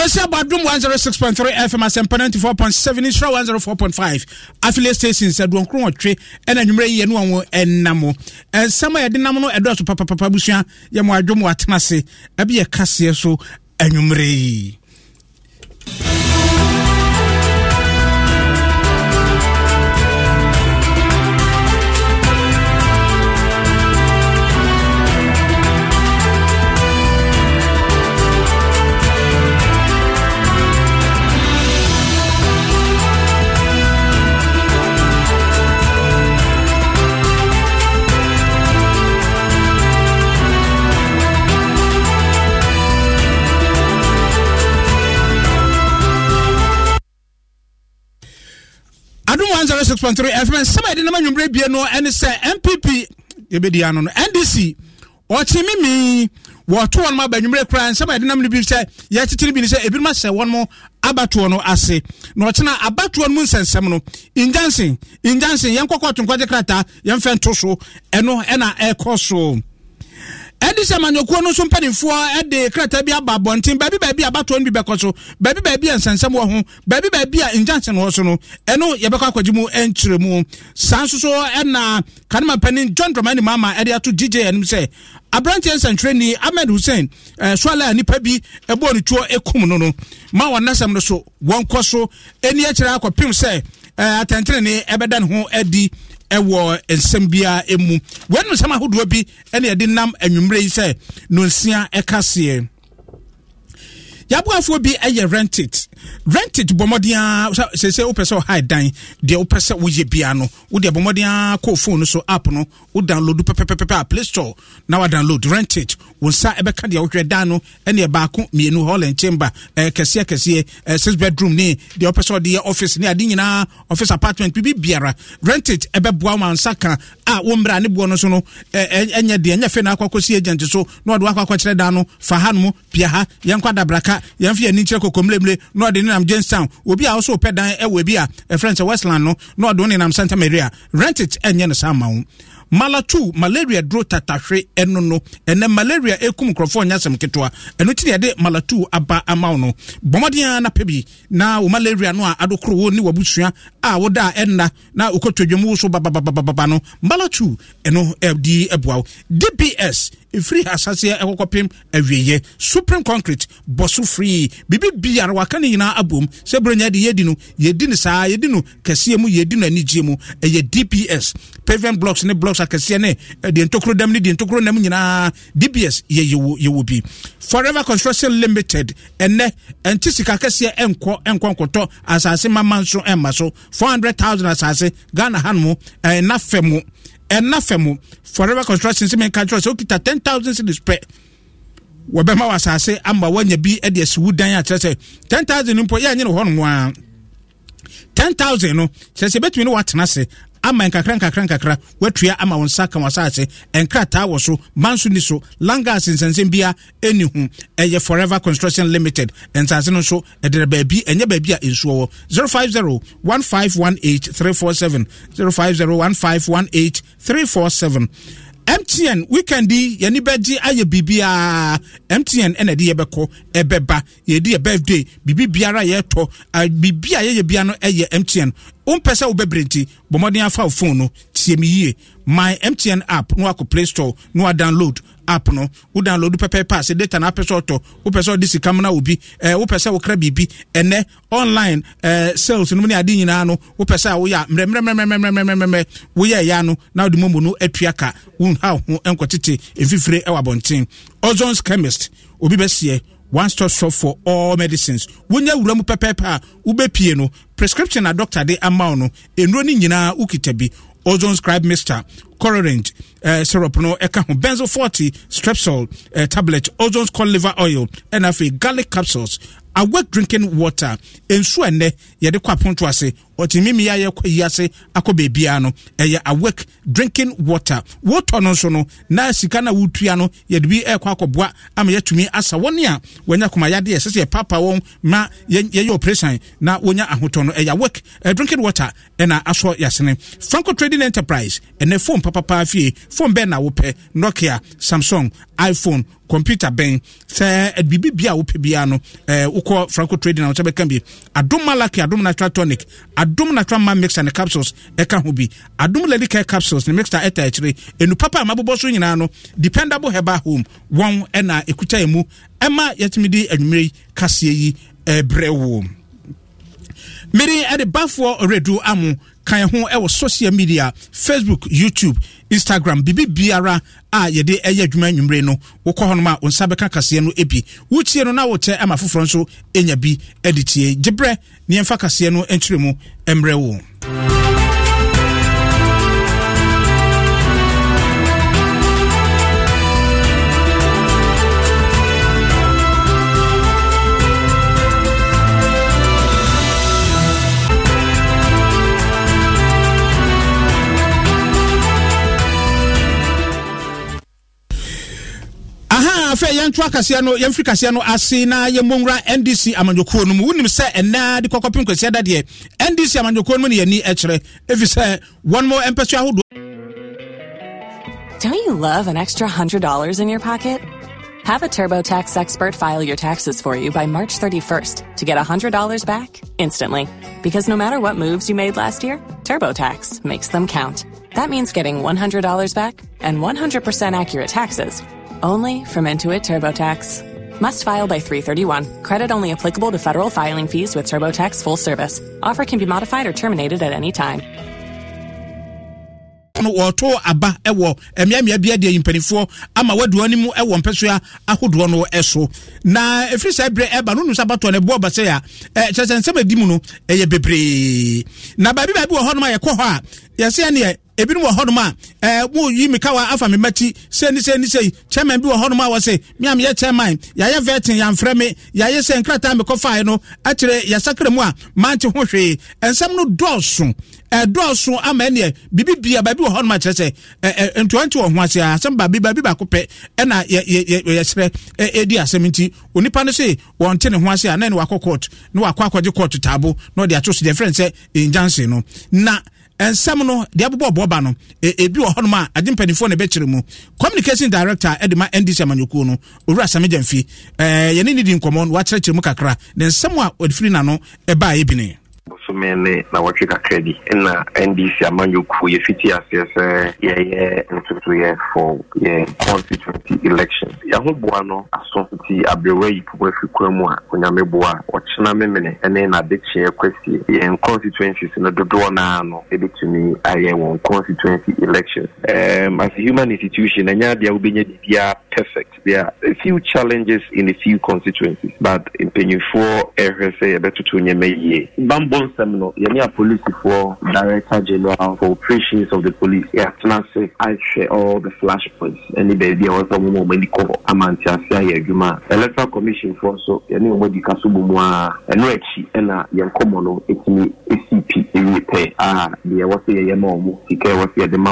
mɛsɛ badom 106.3 fm asɛmpa 94.7 nsra 104.5 affiliate stations. sɛ doɔnkoro ɔtwe ɛna nwummerɛ yi yɛne wɔ ɛnna mo ɛnsɛm eh, a yɛde nam no adum 106.3 fm sɛma yɛde nama nwummerɛ bie no ɛne sɛ mpp yɛbɛdi ano no ndc ɔkye mimi wɔto wɔn aba nwummerɛ koraa nsɛm a yɛde nam no bi sɛ yɛkyekyere bi ne sɛ ebinom asɛ wɔn mo abatoɔ no ase na ɔkyena abatoɔ no mu nsɛnsɛm no injansen injansen yɛnkɔkɔ to nkwagye krataa yɛmfɛ nto so ɛno ɛna ɛkɔ so ɛde sɛ amanyɔkuo no nso mpanimfoɔ de krataa bi aba abɔnten baabi baabi abatoɔ no bi bɛkɔ so baabi baabi a nsɛnsɛm wɔ ho baabi baabi a ngyansen wɔ so no ɛno yɛbɛkɔ akɔgye mu nkyerɛ mu saa nso so ɛna kanema panin john dramani mama ɛde ato dj anim sɛ aberanteɛ nsɛntwerɛni ahmed hussein eh, soala a nipa bi ɛbɔɔ ne tuo ɛkum no no ma wɔnnasɛm no so wɔnkɔ so ɛni akyerɛ akɔpem sɛ eh, atɛntenene ɛbɛda ɛwɔ nsɛm biara mu wɔn nsɛm ahodoɔ bi ɛna yɛde nam anwummerɛ yi sɛ nonsia ɛka seɛ yɛaboafoɔ bi ɛyɛ rentit rentit bɔmmɔden a sɛsɛ wopɛ sɛ ɔhae dan deɛ wopɛ sɛ woyɛ biara no wode bɔmmɔden a kɔɔ phone so app no wo download pɛpɛpɛpɛ a play store na wa download rentit wo nsa ɛbɛka deɛ wohwɛ dan no ɛne baako mmienu hall and chamber ɛɛ kɛseɛ kɛseɛ ɛɛ six bedroom ne deɛ wopɛ sɛ ɔde office ne ade nyinaa office apartment bibi biara rentit ɛbɛboa ma nsa ka a wo mmerɛ a ne boɔ no so no ɛɛ ɛnyɛ deɛ ɛnyɛ fɛ na akɔ akɔsi agent so na ɔde wakɔ akɔkyerɛ dan no fa ha nom pia ha yɛnkɔ adabraka a yɛmfa yɛni kyerɛ kɔkɔmmerɛmmerɛ na ɔde ne nam james town obi a ɔso wopɛ dan ɛwɔ bi a ɛfrɛ sɛ westland no na ɔde wo ne nam santa maria rentit ɛnyɛ no saa ma wo mala 2 malaria duro tatahwe ɛno no ɛnɛ malaria ɛkum nkurɔfoɔ nyɛ asɛm ketewa ɛno ti yɛde mala 2 aba ama wo no bɔmmɔden a na pɛ na wo malaria no a adokoro wo ne wabusua a woda a ɛnna na ba ba ba ba ba no mala 2 ɛno ɛdi ɛboa wo dbs ɛfiri asaseɛ ɛkɔkɔpem awieɛ supreme concrete bɔ so firii biribi biara waka ne nyinaa abom sɛ berɛnya de yɛdi no yɛdi no saa yɛdi no kɛseɛ mu yɛdi no anigyeɛ mu ɛyɛ dps pavement blocks ne blocks akɛseɛ ne deɛ ntokuro dam ne deɛ ntokuro nam nyinaa dps yɛwɔ bi forever construction limited ɛnɛ ɛnte sika kɛseɛ ɛnkɔ ɛnkɔ nkɔtɔ asase mama nso ɛmma so 400000 asase ghana hanom ɛna fɛ mu ɛna fam forever construction sɛ meka kyerɛ sɛ wokita 10000 cities pɛ wɔbɛma wɔ asase ama woanya bi de asi wo dan a kyerɛ sɛ 10000 no mpo yɛanyene hɔ no no ara 10000 no kyerɛ sɛ ɛbɛtumi ne woatena ase ama nkakra nkakra nkakra watua ama wɔn nsa ka wɔn asase nkrataa wɔ so manso ni so langa asensɛnsɛn bia ɛni ho ɛyɛ forever construction limited nsase no nso ɛdɛrɛ baabi ɛnyɛ baabi a nsuo wɔ zero five zero one five one eight three four seven zero five zero one five one eight three four seven mtn weekend yi yɛni bɛgye ayɛ biribiara mtn ɛna ɛde yɛbɛkɔ ɛbɛba yɛde yɛ birthday biribi biara yɛtɔ uh, biribi a yɛyɛ bia no ɛyɛ mtn wompɛ sɛ wobɛbrɛ nti bɔmmɔden afa wo phone no tie me yie my mtn app na wakɔ play store na wadownload app no wo download pɛpɛɛpɛ a sɛ data no apɛ sɛ ɔtɔ wopɛ sɛ ɔde sika mu no obi wopɛ sɛ wokra biribi ɛnɛ online sales no mu ne ade nyinaa no wopɛ sɛ a woyɛ a mmerɛmmerɛmmerɛmmerɛmmerɛmmerɛ na wode no atua ka wonha ho nkɔtete mfifire wɔ ozons chemist obi one stop shop for all medicines wonya wura mu pɛpɛɛpɛ a prescription a doctor de ama wo no ɛnuro no nyinaa wokita bi ozone Eh, syrup no ɛka ho benzo 40 strepsol eh, tablet ozone score liver oil ɛna afei garlic capsules awake drinking water nsuo ɛnɛ yɛde kɔ aponto ase ɔtumi yɛ ayɛ kɔ yi ase akɔ beebiara no ɛyɛ awake drinking water wotɔ no nso no na sika no a wotua no yɛde bi ɛkɔ akɔboa ama yɛatumi asa wɔn a wɔnya komayadeɛ ɛsɛ sɛ yɛpaapa wɔn ma yɛyɛ operation na wɔnya ahotɔ no ɛyɛ awake eh, drinking water ɛna asɔ yɛasene franco trading enterprise ɛnɛ phone papapaa fie phone bɛɛ na wopɛ nokia samsung iphone computer bɛn sɛ eh, biribi bi a wopɛ biara no eh, wokɔ franco trading a wɔkyɛ bɛka bi adom malaki adom natural tonic adom natural ma mixer ne capsules ɛka ho bi adom lady capsules ne mixer ɛta akyire enupapa a mabobɔ so nyinaa no dependable heba home wɔn ɛna ekuta emu ɛma yɛtumi di anwummerɛ yi kaseɛ yi ɛbrɛ wo mmiri ɛde bafoɔ redu amu kan ho wɔ social media facebook youtube instagram biribi biara a yɛde ɛyɛ adwuma nnwumire no wokɔ hɔnom a wo nsa bɛka kaseɛ no bi wotie no na wokyɛ ama foforɔ nso ɛnya bi de tie gyeberɛ neɛmfa kaseɛ no nkyerɛ mu mmerɛ wo yɛnto akaseɛ no yɛmfiri kaseɛ no ase na yɛmmɔnwura ndc amanwokuo no mu wonim sɛ ɛnaa de kɔkɔpem kwasiɛ da deɛ ndc amanwokuo no mu ne yɛni ɛkyerɛ ɛfiri sɛ wɔn mo ɛmpɛ so ahodoɔ Don't you love an extra $100 in your pocket? Have a TurboTax expert file your taxes for you by March 31st to get $100 back instantly. Because no matter what moves you made last year, TurboTax makes them count. That means getting $100 back and 100% accurate taxes – only from Intuit TurboTax. Must file by 331. Credit only applicable to federal filing fees with TurboTax full service. Offer can be modified or terminated at any time. wɔto aba mmeammea mpanimfoɔ ama mu mpɛsoa ahodoɔ no na ɛba eh, eh, eh, no abatoɔ a sɛ nsɛm mu no ɛyɛ bebree na baabi baabi wɔ a yɛkɔ hɔ a yɛsɛ neɛ ebinom wɔ hɔnom a ɛɛ woyi mi kawa afa mi mɛkyi sɛni sɛni sɛyi chairman bi wɔ hɔnom a wɔsɛ mi yɛ chairman yɛayɛ vɛtin yanfrɛ mi yɛayɛ sɛ nkrataa mi kɔfa yi no akyerɛ yɛsakere mu a mante ho hwee nsɛm no dɔɔso ɛdɔɔso ama ɛneɛ biribi bia baabi wɔ hɔnom akyerɛ sɛ ɛɛ ntoante wɔ ho ase a asɛm baabi baabi baako pɛ ɛna yɛ yɛ yɛsrɛ ɛɛdi asɛm nti onipa no se wɔn te ne ho ase a nɛɛni wakɔ court ne wakɔ akɔgye court taabo na ɔde ato so deɛ na nsɛm no deɛ abobɔ bɔba no e, ebi wɔ hɔnom a adi mpanimfoɔ na ɛbɛkyerɛ mu communication director ɛde ma ndc amanyɔkuo no owura asamigya mfi ɛɛ yɛne ne di nkɔmɔ no wakyerɛkyerɛ mu kakra na nsɛm a wɔde n'ano ɛbaa ebini. bosome ne na wɔtwe kakra bi na ndc amanyɔkuo yɛfiti aseɛ sɛ yɛyɛ ntotoyɛ for yɛ constituency elections yɛahoboa no aso nti aberɛwa yi popo afi kura mu a onyame boa a ɔkyena memene ne n'adekyeɛ kwasie yɛn constituencies no dodoɔ naa no ɛbɛtumi ayɛ wɔn constituency elections um, as human institution ɛnyɛ adeɛ wobɛnya biribiaa perfect there are a few challenges in a few constituencies but mpanyimfoɔ ɛhwɛ sɛ yɛbɛtoto nneɛma yie bambɔ nsɛm no yɛne apolisifoɔ director general for operations of the police yɛatena ase ahwɛ all the flash points ne baabi a wɔsɛ moma ɔmani kɔ hɔ ama ntease ayɛ adwuma a electoral commissionfoɔ nso yɛne ɔmɔ adi ka so bɔ mu a ɛno akyi ɛna yɛnkɔmmɔ no ɛtumi ɛsi pi ɛwie pɛ a deɛ ɛwɔ sɛ yɛyɛ ma wɔ mu sika ɛwɔ sɛ yɛde ma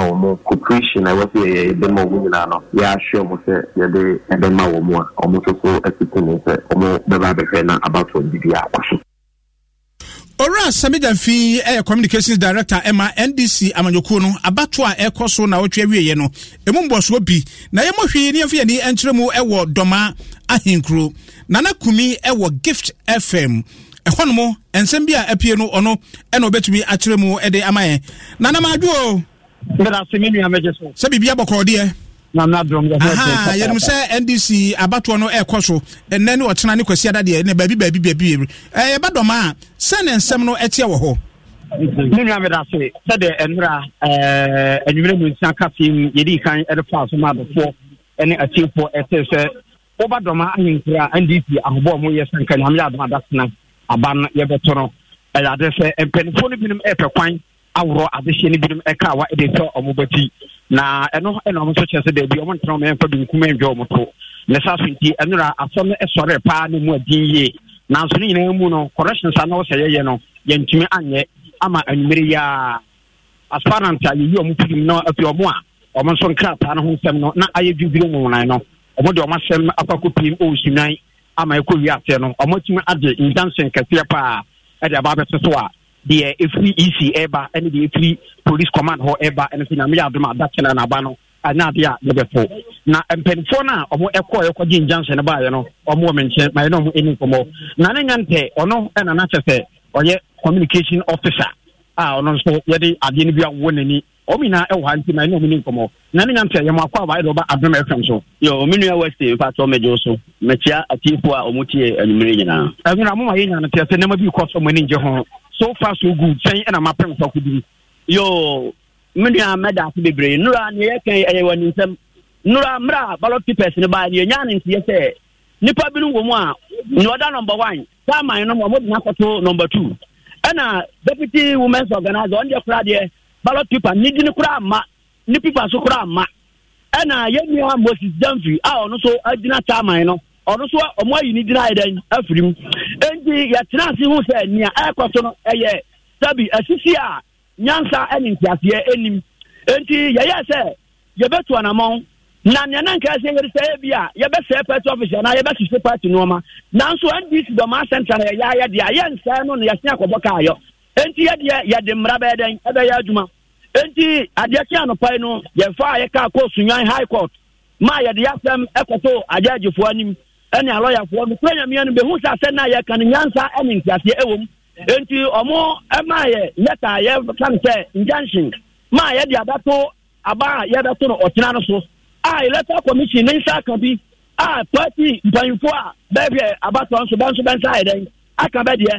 cooperation a ɛwɔ sɛ yɛyɛde ma wɔ mu owura sɛmidamfi ɛyɛ communications director ɛma ndc amanyɔkuo no abato a ɛkɔ so na wɔtwe awieɛ no ɛmu mbɔsoɔ bi na yɛmmɔ hwee ne yɛmfa yɛni mu ɛwɔ dɔma ahenkuro nana kumi ɛwɔ gift fm ɛhɔ nom nsɛm bi a apie no ɔno ɛna ɔbɛtumi akyerɛ mu ɛde ama yɛ nana maadwo o sɛ biribi abɔkɔɔdeɛ yɛnim sɛ ndc abatoɔ no ɛkɔ so ɛnɛ ne ɔkyena ne kwasi ada ne baabi baabi baabi yɛba dɔma a sɛne nsɛm no ɛteɛ wɔ hɔ me nua meda se sɛdeɛ ɛnera anwumerɛ mu nsia ka sei mu yɛde kan de faa so ma adɔfoɔ atiefoɔ ɛtee sɛ woba dɔma ahenkra ndc ahobɔ mu yɛ sɛ nka nyame yɛ adom adatena aba no yɛbɛto no ɛyɛ ade sɛ mpanifoɔ no binom ɛpɛ kwan aworɔ adehyeɛ no binom ɛka wa de sɛ ɔmo bati na ɛno ɛna ɔmo nso kyerɛ sɛ daabi ɔmo ntena ɔmo ɛmfa benkum ɛndwa ɔmo to ne saa so nti ɛno ra asɛm no ɛsɔre paa ne mu adin yie nanso ne nyinaa mu no corrections a na ɔsɛ yɛyɛ no yɛntumi anyɛ ama anwumere yi a aspirant a yɛyi ɔmo firim no afi ɔmo a ɔmo nso nkrataa no ho nsɛm no na ayɛ dwidwiri nwonwanan no ɔmo de ɔmo asɛm akɔkɔ piem ɔwusunan ama ɛkɔ wiase no ɔmo atumi ade ndansen kɛseɛ paa ɛde aba abɛto a deɛ efiri ec ɛba ɛne deɛ efiri police command hɔ ɛba ɛno nso nyame yɛ adom a da kyɛnɛ n'aba no ɛne adeɛ a yɛbɛfo na mpanyinfoɔ no a wɔn ɛkɔ ɛkɔ gye njanhyɛ no baayɛ no wɔn wɔ me nkyɛn mayɛ no wɔn ani nkɔmɔ na ne nyantɛ ɔno ɛna n'akyɛ sɛ ɔyɛ communication officer a ɔno nso yɛde adeɛ no bi awɔ n'ani wɔn nyinaa ɛwɔ ha nti mayɛ no wɔn ani nkɔmɔ na ne nyantɛ yɛ mɔakɔ aba ɛdɛ ɔba adom ɛfam so. yɛ omi nua west nfa tɔ mɛgye so mɛkyia atiifo a wɔn ti yɛ anwumire nyinaa. ɛnura mo ma yɛ nyanateɛ so far so good sɛn ɛna ma pɛn sɔko bi Yo, mi a mɛda ase bebree nura ni yɛ kɛn ɛyɛ wɔ ne nsɛm nura mmerɛ ballot papers ne ba yɛ nyaa ne nteɛ sɛ nipa binom wɔ mu a nea ɔda nɔmba one saa man no mu ɔmo de n'akɔto nɔmba two ɛna deputy women's organizer ɔno deɛ kora deɛ ballot paper ne di ne kora ama ne paper so kora ama ɛna yɛ nua moses jamfi a ɔno so agyina saa man no. ɔno nso ɔmo ayi ne gyina ayɛdɛn afiri mu enti yɛtena ase ho sɛ nea ɛrekɔ so no ɛyɛ sabi esisi a nyansa ɛne nteaseɛ anim enti yɛyɛ sɛ yɛbɛtu anamɔn na nea na nka ɛsɛ yɛde sɛ ebi a ɔfisi anaa nneɛma nanso ndc dɔm asɛnta na yɛyɛ ayɛ no na akɔbɔ yɛdeɛ yɛde bɛyɛ dɛn ɛbɛyɛ adwuma ɛne alɔyafoɔ nokora nyameɛ no bɛhu sɛ asɛ no a yɛka no nyansa ɛne nteaseɛ ɛwɔ m enti ɔmo ɛmaa yɛ lɛta yɛka no sɛ injunction maa yɛde abɛto aba a yɛbɛto no ɔtena no so a electoral commission ne nsa aka bi a party mpanyinfoɔ a bɛhwɛ abatoɔ nso bɛnso bɛnsa ayɛ dɛn aka bɛdeɛ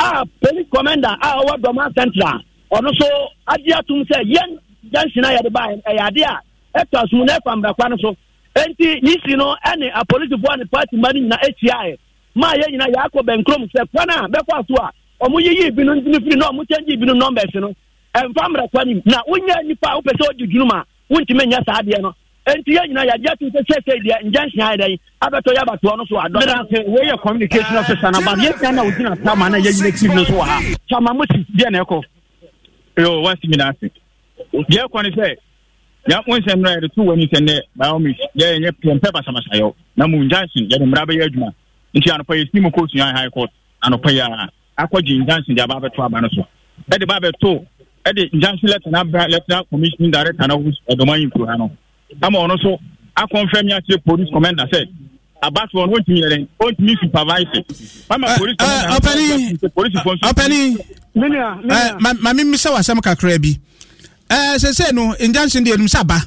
a police commander a ɔwɔ dɔma central ɔno so agye atom sɛ yɛn junction a yɛde baa ɛyɛ adeɛ a ɛtɔ so mu na ɛfa mmarakwa no so nti n'isi no a apolisifoɔ ne party e. ma no nyinaa ma yɛn nyinaa sɛ kwan a bɛkɔ so a ɔmo yiyi na ɔmo kyɛngye bi no nɔmbɛs no ɛmfa mmerɛ kwan mu na wonyɛ nnipa a wopɛ sɛ wodi dwuma a wontumi nyɛ saa adeɛ no nti yɛn nyinaa yɛagye ato sɛ sɛsɛ deɛ ngyɛnhyia ayɛ dɛn abɛtɔ yɛ abatoɔ no so adɔse woyɛ communication officer no ba yɛsia na wogyina na so wɔ ha na ɛkɔ ase ya nsɛm no yɛde to w'ani sɛ nnɛ biomis yɛyɛ m basabasaeɛ na mu johnson yɛde mmara bɛyɛ adwuma nti anɔpa yɛsi mu kɔ sua high court anɔpa yi a akɔgye johnson de ya bɛto aba no so ɛde ba bɛto ɛde johnson lɛtena bra commission director no ɛdɔma yi nkuro ha no ama ɔno so akɔnfɛm police commander sɛ abatoɔ no supervise kakra bi ɛɛ eh, sese no injunction deɛ enum sɛ aba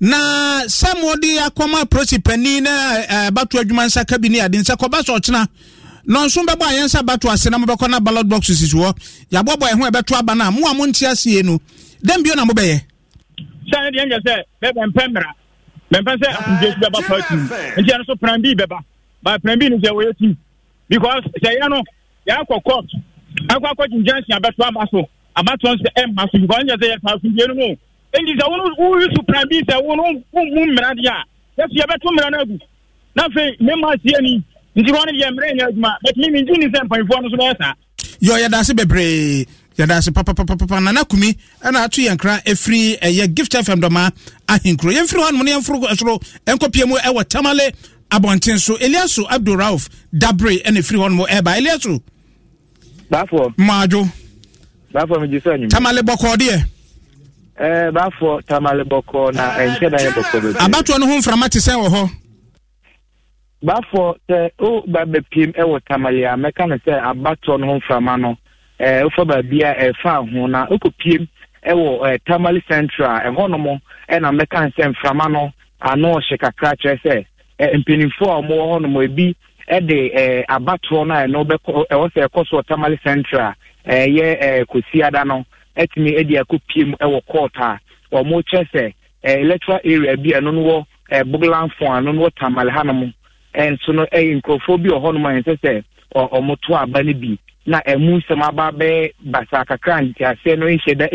na sɛ mo de akɔma polisi panin na ɛɛ eh, bato adwuma nsa kabi ne ade nsa kɔba sɛ ɔkyena nɔnso bɛbɔ a yɛn nsa bato ase na mo bɛkɔ na ballot box sisi hɔ yabɔbɔ ɛho ɛbɛto aba na mo a mo nti aseɛ no dɛm bio na mo bɛyɛ. sani deɛ n yɛ sɛ bɛɛ bɛ mpɛ mìíràn mɛmpɛ sɛ akunjɛ bi bɛba pɔlɔtin nti yɛn nso plan b bɛba ba plan b ni sɛ wɔyɛ team because sɛ yɛn no yɛn akɔ court akɔ akɔ junjɛnsi abɛto ama so abatoɔ nso ɛmma so because ɛnyɛ sɛ yɛ saa asomdue no mu enti sɛ wo woyi so pra bi sɛ wo no mu mmara deɛ a yɛso yɛbɛto mmara no agu na afei mema asie ni nti hɔ no deɛ mmerɛ nyɛ adwuma but me mengye ni sɛ mpanyimfoɔ no so bɛyɛ saa yɛ yɛda ase bebree yɛda ase papapapapa nana kumi ɛna ato yɛn kra ɛfiri ɛyɛ eh, gift fm dɔma ahenkuro yɛmfiri hɔ nom no yɛmforo soro ɛnkɔpie mu ɛwɔ eh, tamale abɔnten so Eliasu, abdul rauf dabre ɛna ɛfiri hɔ eh, nom ɛba eliaso baafoɔ maadwo baafọ mi jisọ ẹnyim. tamale bɔkɔ deɛ. ɛɛ eh, baafọ tamale bɔkɔ na ɛnkyɛn na yɛ bɔkɔ bebree. abatoɔ no ho nframa te sɛ wɔ hɔ. baafọ sɛ o ba bɛpiem ɛwɔ tamale a mɛka ne sɛ abatoɔ no ho nframa no ɛɛ eh, ofa baabi a ɛfa ho na okɔ piem ɛwɔ ɛɛ eh, tamale central ɛhɔnom ɛna mɛka ne sɛ nframa no ano ɔhyɛ kakra kyerɛ sɛ ɛɛ mpanimfoɔ a wɔwɔ hɔnom ebi. ɛde abatoɔ no a ɛno ɛwɔ sɛ ɛkɔ so ɔtamale central ɛyɛ kosiada no ɛtumi ɛde akɔ piem ɛwɔ court a ɔmo sɛ electoral area bi ɛno no wɔ boglanfo ano no wɔ tamale hanom ɛnso no ɛyɛ nkurɔfoɔ bi wɔ hɔnom a ɛnsɛ sɛ aba no na ɛmu nsɛm aba kakra nteaseɛ no nhyɛ da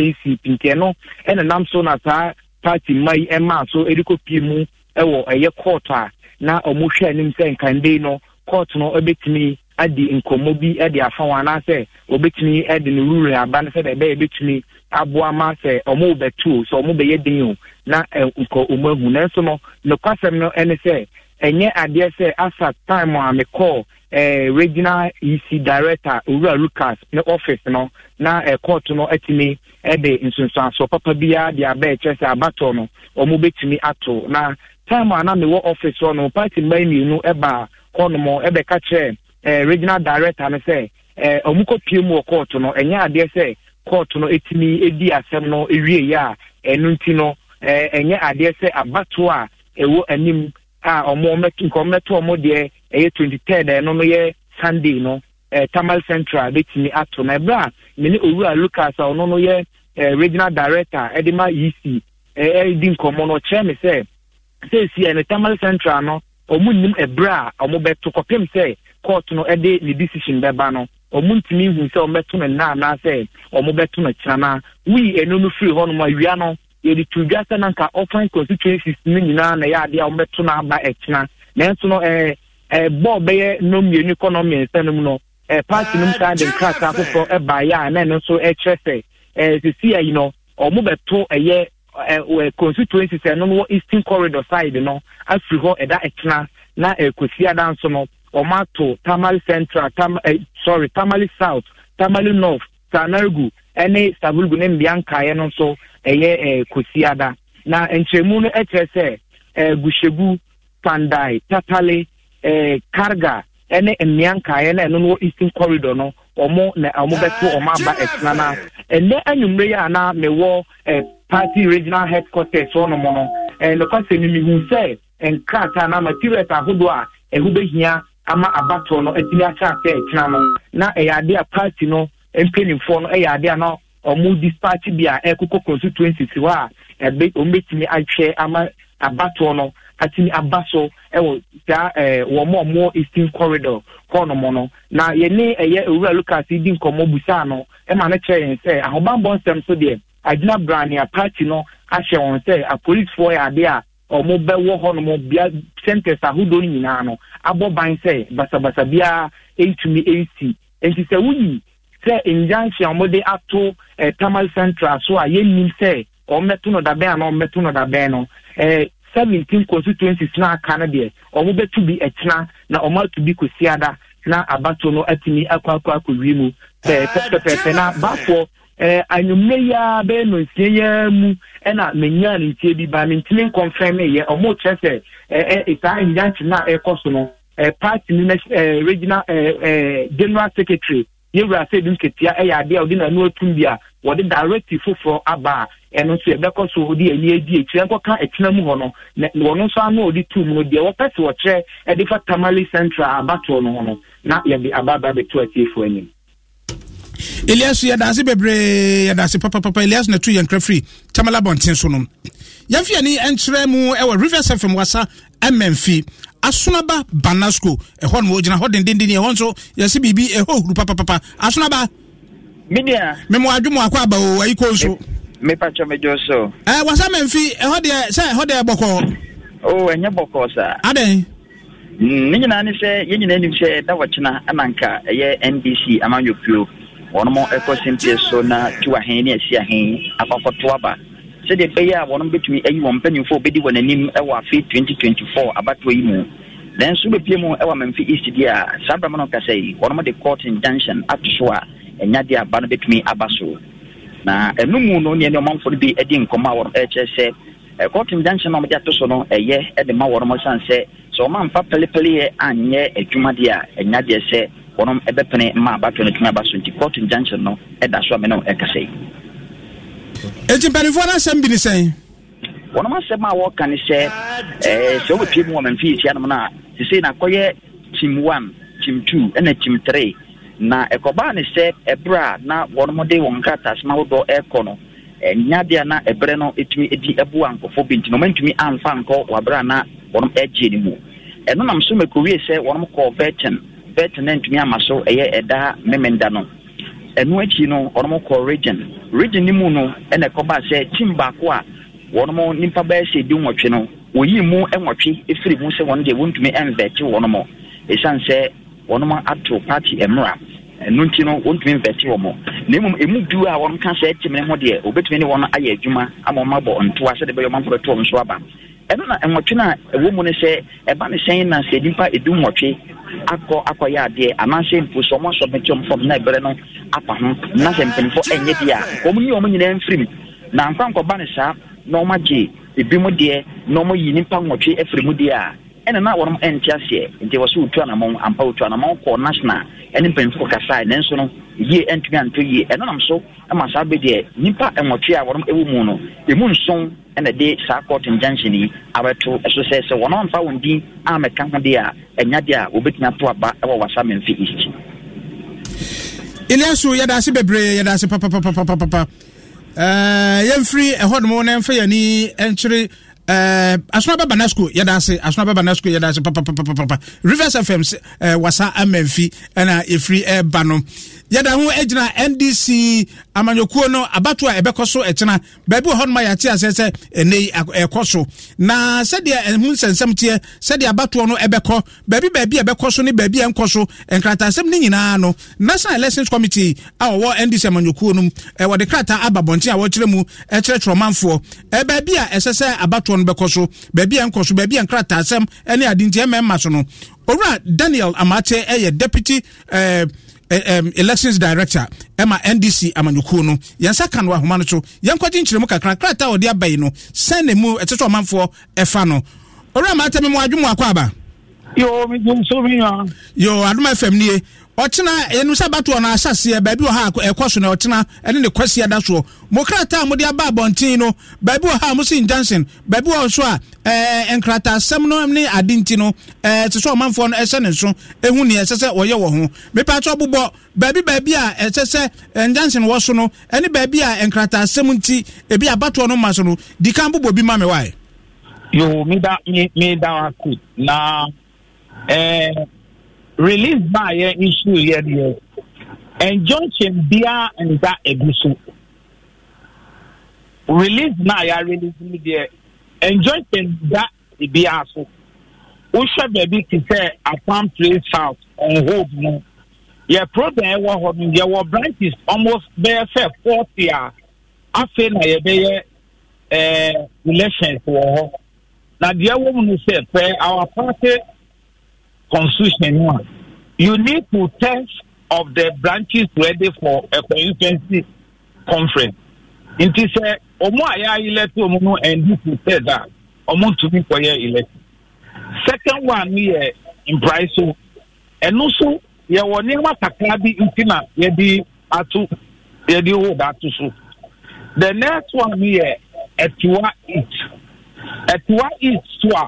court no ebetumi adi nkɔmɔ bi de afa wɔn anaasɛ obetumi de ne ruru aba no sɛdeɛ ɛbɛyɛ ebetumi aboa ma sɛ ɔmo bɛtu o sɛ ɔmo bɛyɛ den o na eh, nkɔ ɔmo ahu nanso no nokwasɛm no ɛne sɛ ɛnyɛ adeɛ sɛ asa time a mekɔɔ ɛɛ eh, regional ec director owura lucas ne office no na ɛ eh, court no atumi ɛde nsonsanso papa biara de aba ɛkyɛ sɛ abatɔ no ɔmo betumi ato na time a na mewɔ office hɔ no party mmaa mmienu ɛba hɔnom ɛbɛka kyerɛ ɛɛ eh, regional director no sɛ ɛɛ eh, ɔmo kọ pie mu wɔ court no ɛnyɛ adeɛ sɛ court no etumi edi asɛm no ewie a ɛno nti no eh, ɛnyɛ adeɛ sɛ a ɛwɔ anim a nka ɔmo deɛ ɛyɛ ɛno no yɛ sunday no central ato na a owura lucas a ɔno no yɛ regional e seesie eh, ɛne tamal central no ɔmo nim ɛbrɛ a ɔmo bɛto kɔpem sɛ court no ɛde ne decision bɛba no ɔmo ntumi hu sɛ ɔmo bɛto no nna ɔmo bɛto no kyerɛ na wuyi ɛnu no firi hɔnom awia no yɛde tu dwa sɛ nanka ɔfan constituencies no nyinaa na ɛyɛ adeɛ a ɔmo bɛto no aba ɛkyena nanso no ɛɛ eh, ɛɛ eh, bɔɔl bɛyɛ no kɔ no mmiɛnsa no ɛɛ paati na ɛno nso ɛkyerɛ sɛ ɛɛ eh, constituency sɛ ɛno wɔ eastern corridor side no afiri hɔ ɛda ɛtena na ɛkosi eh, ada nso no wɔn ato tamale central tam ɛ eh, sorry tamale south tamale north sanargu ɛne sabulgu ne mbea nkaeɛ no nso ɛyɛ ɛɛ ada na nkyɛnmu no ɛkyerɛ sɛ ɛɛ pandai tatale ɛɛ karga ɛne mbea nkaeɛ na ɛno wɔ eastern corridor no Ọmụ ah, na ọmụ bɛto ọmụ aba ɛtena na ndị anwummerɛ ya na mewọ ɛ eh, party regional headquarters hɔnom no ɛ nokwasɛ eh, mi mihu sɛ nkrataa na materials ahodoɔ a ɛho behia ama abatoɔ no atumi akyɛ asɛ ɛtena no na ɛyɛ adị a party no mpanimfoɔ no ɛyɛ ade a na ọmụ dispatch bi a ɛkokɔ eh, constituency si hɔ a ɛbɛ ɔmo betumi ama abatoɔ no atumi aba so. ɛwɔ saa ɛɛ wɔn a wɔwɔ eastern corridor hɔnom no na yɛne ɛyɛ owura lucas yi di nkɔmɔ busaa no ɛma ne kyerɛ yɛn sɛ ahobanbɔ nsɛm so deɛ agyina brania party no ahyɛ wɔn sɛ apolisifoɔ yɛ adeɛ a wɔn bɛwɔ hɔnom bia centres ahodoɔ nyinaa no abɔ ban sɛ basabasa biara ɛntumi ɛnsi nti sɛ wuyi sɛ injunction a wɔde ato ɛɛ tamal central so a yɛnnim sɛ wɔn mɛto no dabɛn a na wɔn mɛto no dabɛn no ɛɛ. seventeen constituencies na aka no deɛ ɔmo bɛtu bi ɛtena na ɔmo atu bi kɔsi ada na abato no atumi akɔ akɔ akɔwie mu pɛɛpɛpɛpɛ ah, na baafoɔ ɛɛ anwummerɛ yi a bɛyɛ nonsia yi mu ɛna menyaa ne ntie bi nkɔmfɛn mi yɛ ɔmo kyerɛ sɛ ɛɛ na ɛkɔ so no ɛɛ party ɛɛ regional ɛɛ ɛɛ general secretary yɛwura sɛ ebi nketea ɛyɛ adeɛ a ɔde n'anu atum bi a wɔde directive foforɔ aba a ɛno nso yɛbɛkɔ so ɔde ani adi akyire nkɔka ɛkyina mu hɔ no na wɔn nso ano a ɔde tum no deɛ wɔpɛ sɛ wɔkyerɛ ɛde fa tamale central abatoɔ no ho no na yɛde aba aba abɛto atiefoɔ anim. elias yɛdaase bebree yɛdaase papapapa elias na tu yɛn kra firi tamale abɔnten so no yɛmfi ani nkyerɛ mu ɛwɔ rivers fm wasa mmɛmfi Asụnaba banasco ɛhɔ no wɔgyina hɔ dendenden ɛhɔ nso yɛsɛ biribi ɛhɔ huru papapapa asonaba media memo adwo akɔ aba o ayi kɔ nso mepatwɛ medwo so wasa mamfi ɛhɔ deɛ sɛ ɛhɔ deɛ bɔkɔɔ o ɛnyɛ bɔkɔɔ saa adɛn mm, ne nyinaa ne sɛ yɛn nyinaa nim sɛ da wɔkyena ɛyɛ wɔnom ɛkɔ so na tu ahen ne asi ahen akɔkɔto aba sɛdeɛ ɛbɛyɛ a wɔn bɛtumi ayi wɔn mpanyinfoɔ bɛdi wɔn anim ɛwɔ afe 2024 abatoɔ yi mu nanso bɛpie mu ɛwɔ amamfi east deɛ a saa abrama no kasa yi wɔn de court injunction ato so a ɛnya deɛ aba no bɛtumi aba so na ɛno mu no nea ɔmanfoɔ no bi adi nkɔmɔ a wɔn ɛkyerɛ sɛ ɛkɔɔto injunction na wɔde ato so no ɛyɛ ɛde ma wɔn san sɛ sɛ wɔn amfa pɛlɛpɛlɛɛ anyɛ adwuma deɛ a ɛnya deɛ sɛ wɔn ɛbɛpene ma abatoɔ no tumi aba so nti kɔɔto injunction no ɛda so amena ɛkasa yi eti mpanimfoɔ no asɛm bi ne sɛn wɔnom asɛm a wɔka ne sɛ eh, sɛ wobɛpie mu wɔ mamfii hyia nom no a sesei na akɔyɛ tim one tim two ɛna tim three na ɛkɔbaa ne sɛ ɛberɛ a na wɔnom de wɔn nkrataasɛm ahodoɔ ɛrekɔ no eh, nyadeɛ na ɛberɛ no ɛtumi di ɛboa nkɔfoɔ bi nti na ɔmantumi amfa nkɔ wɔaberɛ a na wɔnom ɛgyee no mu ɛno nam so mɛkɔwie sɛ wɔnom kɔɔ vertin vertin na ntumi ama so ɛyɛ ɛdaa memenda no ɛno akyi no ɔnom kɔ region region ni mu no ɛna ba sɛ team baako a wɔnom nipa bɛyɛ sɛ di nwɔtwe no wɔyii mu nwɔtwe efiri mu sɛ wɔn deɛ wɔntumi ɛnvɛte wɔnom esan sɛ wɔnom ato party mmra ɛno nti no wɔntumi nvɛte wɔn na emu emu du a wɔn ka sɛ team ne ho deɛ obetumi ne wɔn ayɛ adwuma ama wɔn abɔ ntoa sɛ de bɛyɛ wɔn afɔ wɔn so aba ɛno na nwɔtwe na ɛwɔ mu no sɛ ɛba akɔ akɔyɛ adeɛ anaasɛ mpo sɛ ɔmo asɔmɛti ɔmo na ebere no apa ho na sɛ mpanyinfo ɛnyɛ deɛ a ɔmo ne ɔmo nyinaa mfirim na nkwa nkɔba ne saa na ɔmo agye ebi mo deɛ na ɔmo yi nipa nwɔtwe a ɛna na wɔn ɛnte aseɛ nti wɔ so otu anamɔn ampa otu anamɔn kɔ national ɛne mpanyinfoɔ kasa nanso no yie ɛntumi anto yie ɛnanam so ɛma saa abɛdeɛ nipa ɛnwɔtwe a wɔn ɛwɔ mu no emu nson ɛna de saa court injunction yi abɛto ɛso sɛ sɛ wɔn amfa wɔn din amɛka ho deɛ a ɛnya deɛ a wɔbɛtumi ato aba ɛwɔ wasa mɛmfi east. iliasu yɛda ase bebree yɛda ase papapapapapa ɛɛ yɛmfiri yɛn ani ɛnkyerɛ Eh, asona baba eh, eh, na school yɛda ase asona rivers fm wasa amamfi ɛna ɛfiri ɛba no yɛda ho gyina ndc amanyɔkuo no abato a ɛbɛkɔ so ɛkyena baabi wɔ hɔnom a yɛate aseɛ sɛ ɛnɛ ɛkɔ so na sɛdeɛ ɛho nsɛnsɛm teɛ sɛdeɛ abatoɔ no ɛbɛkɔ baabi baabi a ɛbɛkɔ so ne baabi a ɛnkɔ so nkratasɛm no nyinaa no national elections committee a wɔwɔ ndc amanyɔkuo no wɔde krataa aba bɔnten a wɔkyerɛ mu ɛkyerɛkyerɛ ɔmanfoɔ baabi a ɛsɛ sɛ abatoɔ no bɛkɔ so baabi a ɛnkɔ so baabi a nkrataasɛm ne adenti ɛmɛma so no owura daniel amate ɛyɛ deputy ɛɛ um, elections director ɛma ndc amanyɔkuo no yɛn nsa kan wɔ ahoma no so yɛn nkɔgye nkyerɛmu kakra krataa a ɔde aba yi no sɛn na mu ɛte sɛ ɔmanfoɔ ɛfa no owura maa tɛmɛ mu adwuma akɔ aba. yoo mi fm nie. ɔkyena ɛnu sɛ abato ahyɛseɛ baabi wɔ ha ɛkɔ so na ɔkyena ɛne ne kwasi ada soɔ mo krataa mode aba abɔnten eh, eh, eh, no baabi wɔ ha mosin baabi wɔ so a ɛɛ nkrataasɛm no ne ade nti no ɛɛ sɛ ɔmanfoɔ no ɛhyɛ ne ehu nea ɛsɛ sɛ wɔyɛ ho bobɔ baabi baabi a ɛsɛ sɛ ɛɛ wɔ so no ɛne baabi a nti ebi abatoɔ no ma so no di kan bobɔ bi ma mi na ɛɛ. Release baayɛ issue yɛ deɛ injunction biara nda egu so relief na yɛ relief mu deɛ injunction da biara so wohwɛ baabi te sɛ afam place house on hold no yɛ problem ɛwɔ hɔ no yɛwɔ branches almost bɛyɛ sɛ forty a afei na yɛbɛyɛ ɛɛ eh, elections wɔ hɔ na deɛ wɔm no sɛ pɛ our party construction one. You need to test of the branches ready for a constituency conference. In this, ɔmo uh, a yɛa elect ɔmo no ɛndi to Omo to be for your election. Second one ni yɛ mprae and also so yɛwɔ nneɛma kakra bi nti na yɛde ato yɛde hold ato so. The next one ni yɛ ɛtiwa east. ɛtiwa east swa.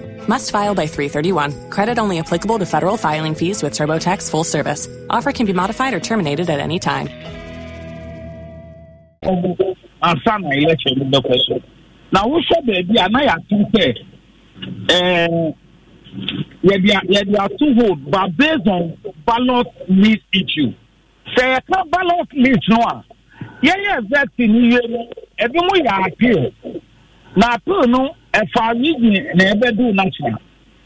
Must file by 331. Credit only applicable to federal filing fees with TurboTax full service. Offer can be modified or terminated at any time. After my election, no question. Now, who said baby? And I have to say, yɛde ato hold but based on ballot list issue sɛ yɛka ballot list no a yɛyɛ vɛti no yie no ebi mo yɛ appeal na appeal ɛfa region na ɛbɛdu national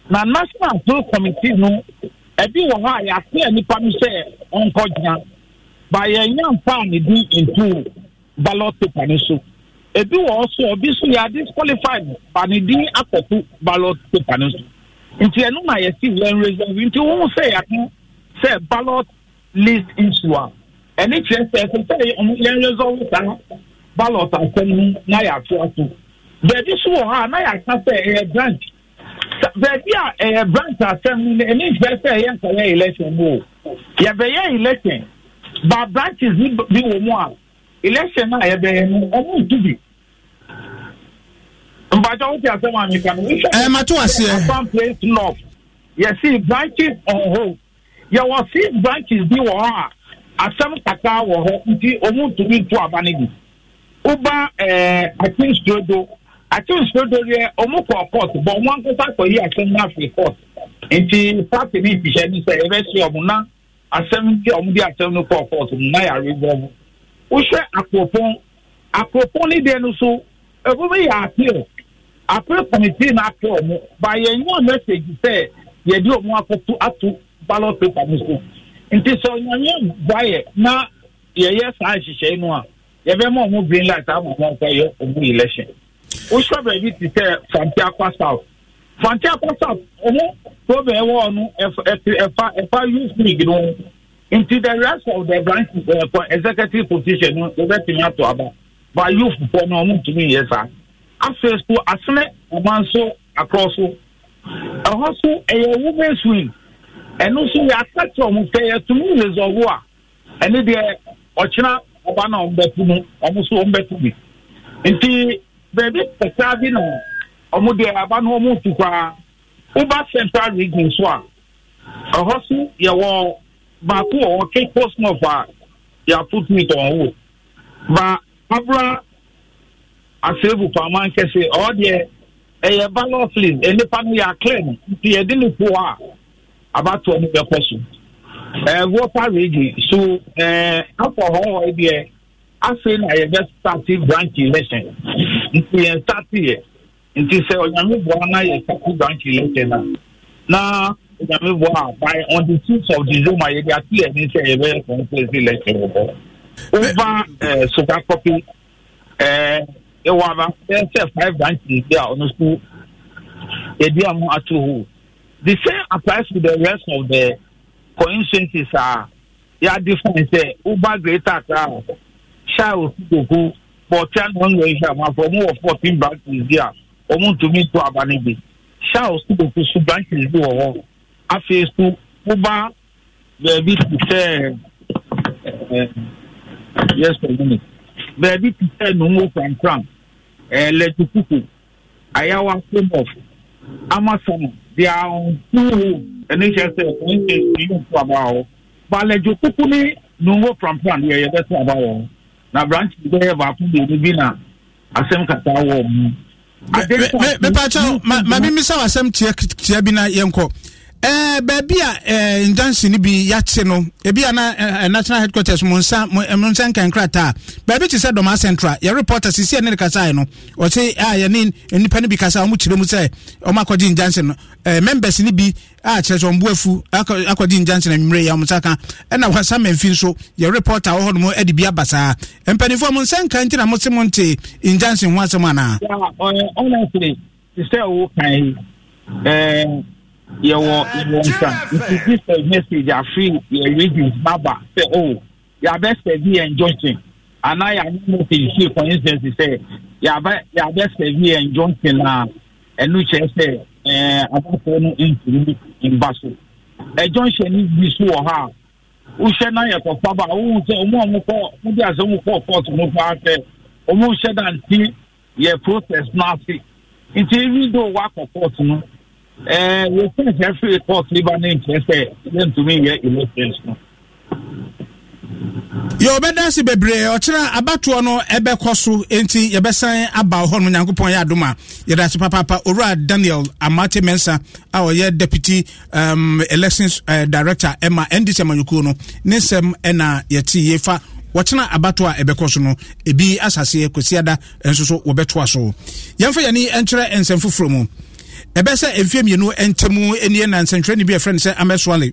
na national full committee no ɛbi wɔ hɔ a yɛase a nipa no sɛ ɔnkɔgyina ba yɛnya mfa ne di ntu ballot paper no so ebi wɔ hɔ so obi so yɛ disqualified ba ne di akɔto ballot paper no so nti ɛno na yɛsi wɔn reserve nti wɔn sɛ yɛako sɛ ballot list issue a ɛne kyerɛ sɛ ɛsɛ sɛ yɛn resolve saa ballot asɛm no na yɛato ato. baabi so wɔ hɔ a na yɛaka sɛ ɛyɛ branch baabi a ɛyɛ branch asɛm no no ɛne mfɛ sɛ ɛyɛ nkɔyɛ election mu o yɛbɛyɛ election ba branches bi wɔ mu a election a yɛbɛyɛ no ɔmo ntu bi mpatwa wote asɛm a meka no wohwɛ mato aseɛ place north yɛsii branches on hold yɛwɔ si branches bi wɔ hɔ a asɛm kakra wɔ hɔ nti ɔmo ntumi nto aba no bi woba ɛɛ akinsuodo akyɛnso dodoɛ ɔmo kɔ court bɔ ɔmo ankasa kɔ yi asɛm no afiri court nti party ne nhyehyɛ ne sɛ yɛbɛsi ɔmo na asɛm ti a ɔmo de asɛm no kɔ court mo na yare bɔ mo wohwɛ akropɔn akropɔn ne deɛ no so ɛbɛbɛ yɛ appeal appeal committee na appeal ɔmo ba yɛn nyɛ message sɛ yɛde ɔmo akɔto ato ballot paper no so nti sɛ ɔnyanyɛ boayɛ na yɛyɛ saa nhyehyɛ no a yɛbɛma ɔmo green light ama ɔmo nkɔ yɛ ɔmo election. wohwɛ baabi te sɛ fante akwa south fante akwa south ɔmo problem ɛwɔ no ɛfa ɛfa youth league no nti the rest of the branch ɛfɔ executive position no yɛbɛtumi ato aba but youth fɔ no ɔmo ntumi yɛ saa afei so asene ɔma nso akorɔ so ɛhɔ so ɛyɛ women's wing ɛno nso yɛaka kyerɛ ɔmo sɛ yɛtumi resolve a ɛne deɛ ɔkyena ɔba na ɔmo bɛtu no ɔmo nso ɔmo bi nti. beebi kasa bi no ɔmo deɛ aba no ɔmo tu paa woba central region so e e e a ɛhɔ so yɛwɔ baako wɔ hɔ cape coast north put yɛapoto mi tɔn wo ba abura asebu paama nkɛse ɔɔ deɛ ɛyɛ balɔflin nipa no yɛ aklɛn nti yɛde ne po a abatoɔ no bɛkɔ so ɛɛ water region so ɛɛ afɔ hɔn hɔ deɛ afei na yɛbɛ starte branch election nti yɛn starte yɛ nti sɛ ɔnyame boa na yɛ start branch election a na ɔnyame boa a by on the six of december yɛde ate yɛn ni sɛ yɛbɛyɛ conference election wɔ hɔ over ɛɛ eh, sugar copy ɛɛ ɛwɔ aba ɛyɛ sɛ five branches bi a ɔno so yɛde a mo ato hɔ the same applies to the rest of the coincidences. a yɛade fine sɛ over greater accra ṣáà òsì kòkó bọ̀tí àná yẹ iṣẹ́ àwọn afọ ọmọ wọ fourteen branches bi a ọmọ ntumi tó abanigbe ṣáà òsì kòkó so branches bi wọ hɔ afei so wọba beebi ti sɛ ɛɛ yes or no beebi ti sɛ numu kwankwan ɛɛ lɛtukoko ayawa somof amasono they are on two roads ɛni kyerɛ sɛ ɛni kyerɛ sɛ ɛni yóò tó aba hɔ balẹ̀ jokoko ni numu kwankwan yɛ yɛ bɛ tó aba hɔ na branch bɛyɛ baako mmienu bi na asɛm kata wɔ mu. mepa kyɛw ma memisa w'asɛm tia bi na yɛnkɔ ɛɛ eh, baabi a ɛɛ eh, ni bi yakye no ebi a na eh, national headquarters mu nsa mu nsa nkankrataa baabi te sɛ dɔmaa central yɛ reporter sisi ɛne ne kasa yɛ no ɔte a yɛne nipa ne bi kasa wɔn kyerɛ mu sɛ wɔn akɔgye ndansi no ɛɛ members ni bi a kyerɛ sɛ wɔn bu afu akɔ akɔgye ndansi na nwumire yɛ wɔn nsa ka ɛna wasa mɛnfi nso yɛ reporter wɔ hɔnom ɛde bi aba saa mpanimfoɔ mu nsa nkan ti na mo se mo nte ndansi ho asɛm anaa. ɔyɛ ɔnɛsiri sɛ yɛwɔ yɛwɔ nsa nti this is message afi yɛ radio baba sɛ o yabɛ sɛbi yɛn johnson ana yabɛ message si for instance sɛ yabɛ yabɛ sɛbi yɛn johnson a ɛnu kyɛ sɛ ɛɛ abafo no ntumi mba so ɛjohnson ni bi so wɔ ha wohyɛ na yɛ kɔfa ba wohu sɛ ɔmo a mokɔ mode asɛ mokɔɔ court no paa sɛ ɔmo hyɛ da nti yɛ process no ase nti even though wakɔ court no wɔsɛsɛ afiri court ne ba no nkyerɛ sɛ yɛntumi nyɛ elections no yɛ ɔbɛda ase bebree ɔkyerɛ abatoɔ no ɛbɛkɔ so nti yɛbɛsan aba hɔ no nyankopɔn yɛ adom a yɛda ase papaapa owura daniel amate mensa a ɔyɛ deputy um, elections uh, director ɛma ndc amanyɔkuo no ne nsɛm ɛna yɛte fa wɔkyena abato a ɛbɛkɔ so no ebi asaseɛ kwasiada nso so wɔbɛtoa so yɛmfa yɛni ɛnkyerɛ nsɛm foforɔ mu ɛbɛsɛ mfie mmienu ntɛmu ani nansɛntwerɛni bi ɛfrɛ no sɛ amɛsoale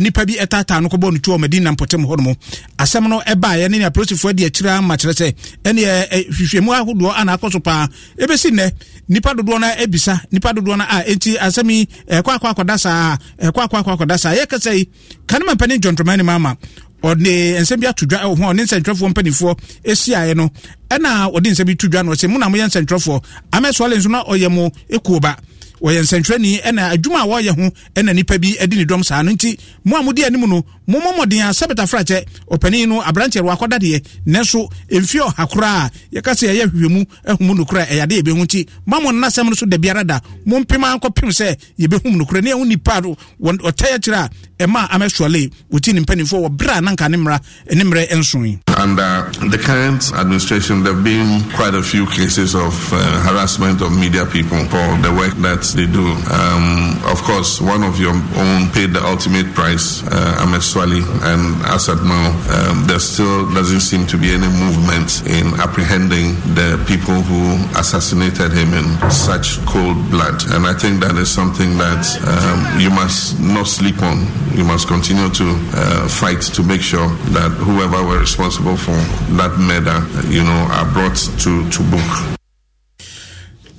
nnipa bi ɛtaataa no kɔbɔɔ no tuo ɔmadi nam pɔtem hɔ nom asɛm no ɛbaeɛ ne ne apolisifoɔ de akyira ma kyerɛ sɛ ɛneɛ hwehwɛmu ahodoɔ anaakɔ so paa ɛbɛsi nnɛ nipa dodoɔ no abisa e nipa dodoɔ no a enti asɛm e, e, yi ɛkɔ akɔ akɔda saa ɛkɔ akɔ akɔda saa yɛka sɛ yi kanema mpani ntwɔntwɔma ne maama ɔde nsɛm bi ato dwa ɛwɔ ho a ɔne nsɛntwerɛfoɔ mpanimfoɔ esiaeɛ no ɛna ɔde nsɛm bi to dwa no ɔsɛ mu na moyɛ nsɛntwerɛfoɔ amɛsoale nso na ɔyɛ mo ekuoba wɔyɛ nsɛntwerɛni ɛna adwuma a wɔyɛ ho ɛna nipa bi ɛdi ne dɔm saa no nti mo a mo di anim no mo mo mɔden a sɛbɛta frakyɛ ɔpanin no aberanteɛ wakɔda deɛ nanso mfie ɔha koraa a yɛka sɛ yɛyɛ hwehwɛ mu ɛhum no kora ɛyɛ adeɛ yɛbɛhu nti ma mo no nasɛm no so da biara da mo mpem ankɔ pem sɛ yɛbɛhum no kora ne ɛho nipa do ɔtɛ akyerɛ a ɛma amɛsoale wɔti ne mpanimfoɔ wɔ berɛ a nanka ne mmara ne mmerɛ nsoe Under the current administration, there have been quite a few cases of uh, harassment of media people for the work that they do. Um, of course, one of your own paid the ultimate price, uh, Ahmed Swali and Asad Mao. Um, there still doesn't seem to be any movement in apprehending the people who assassinated him in such cold blood. And I think that is something that um, you must not sleep on. You must continue to uh, fight to make sure that whoever were responsible for that murder, you know, are brought to, to book.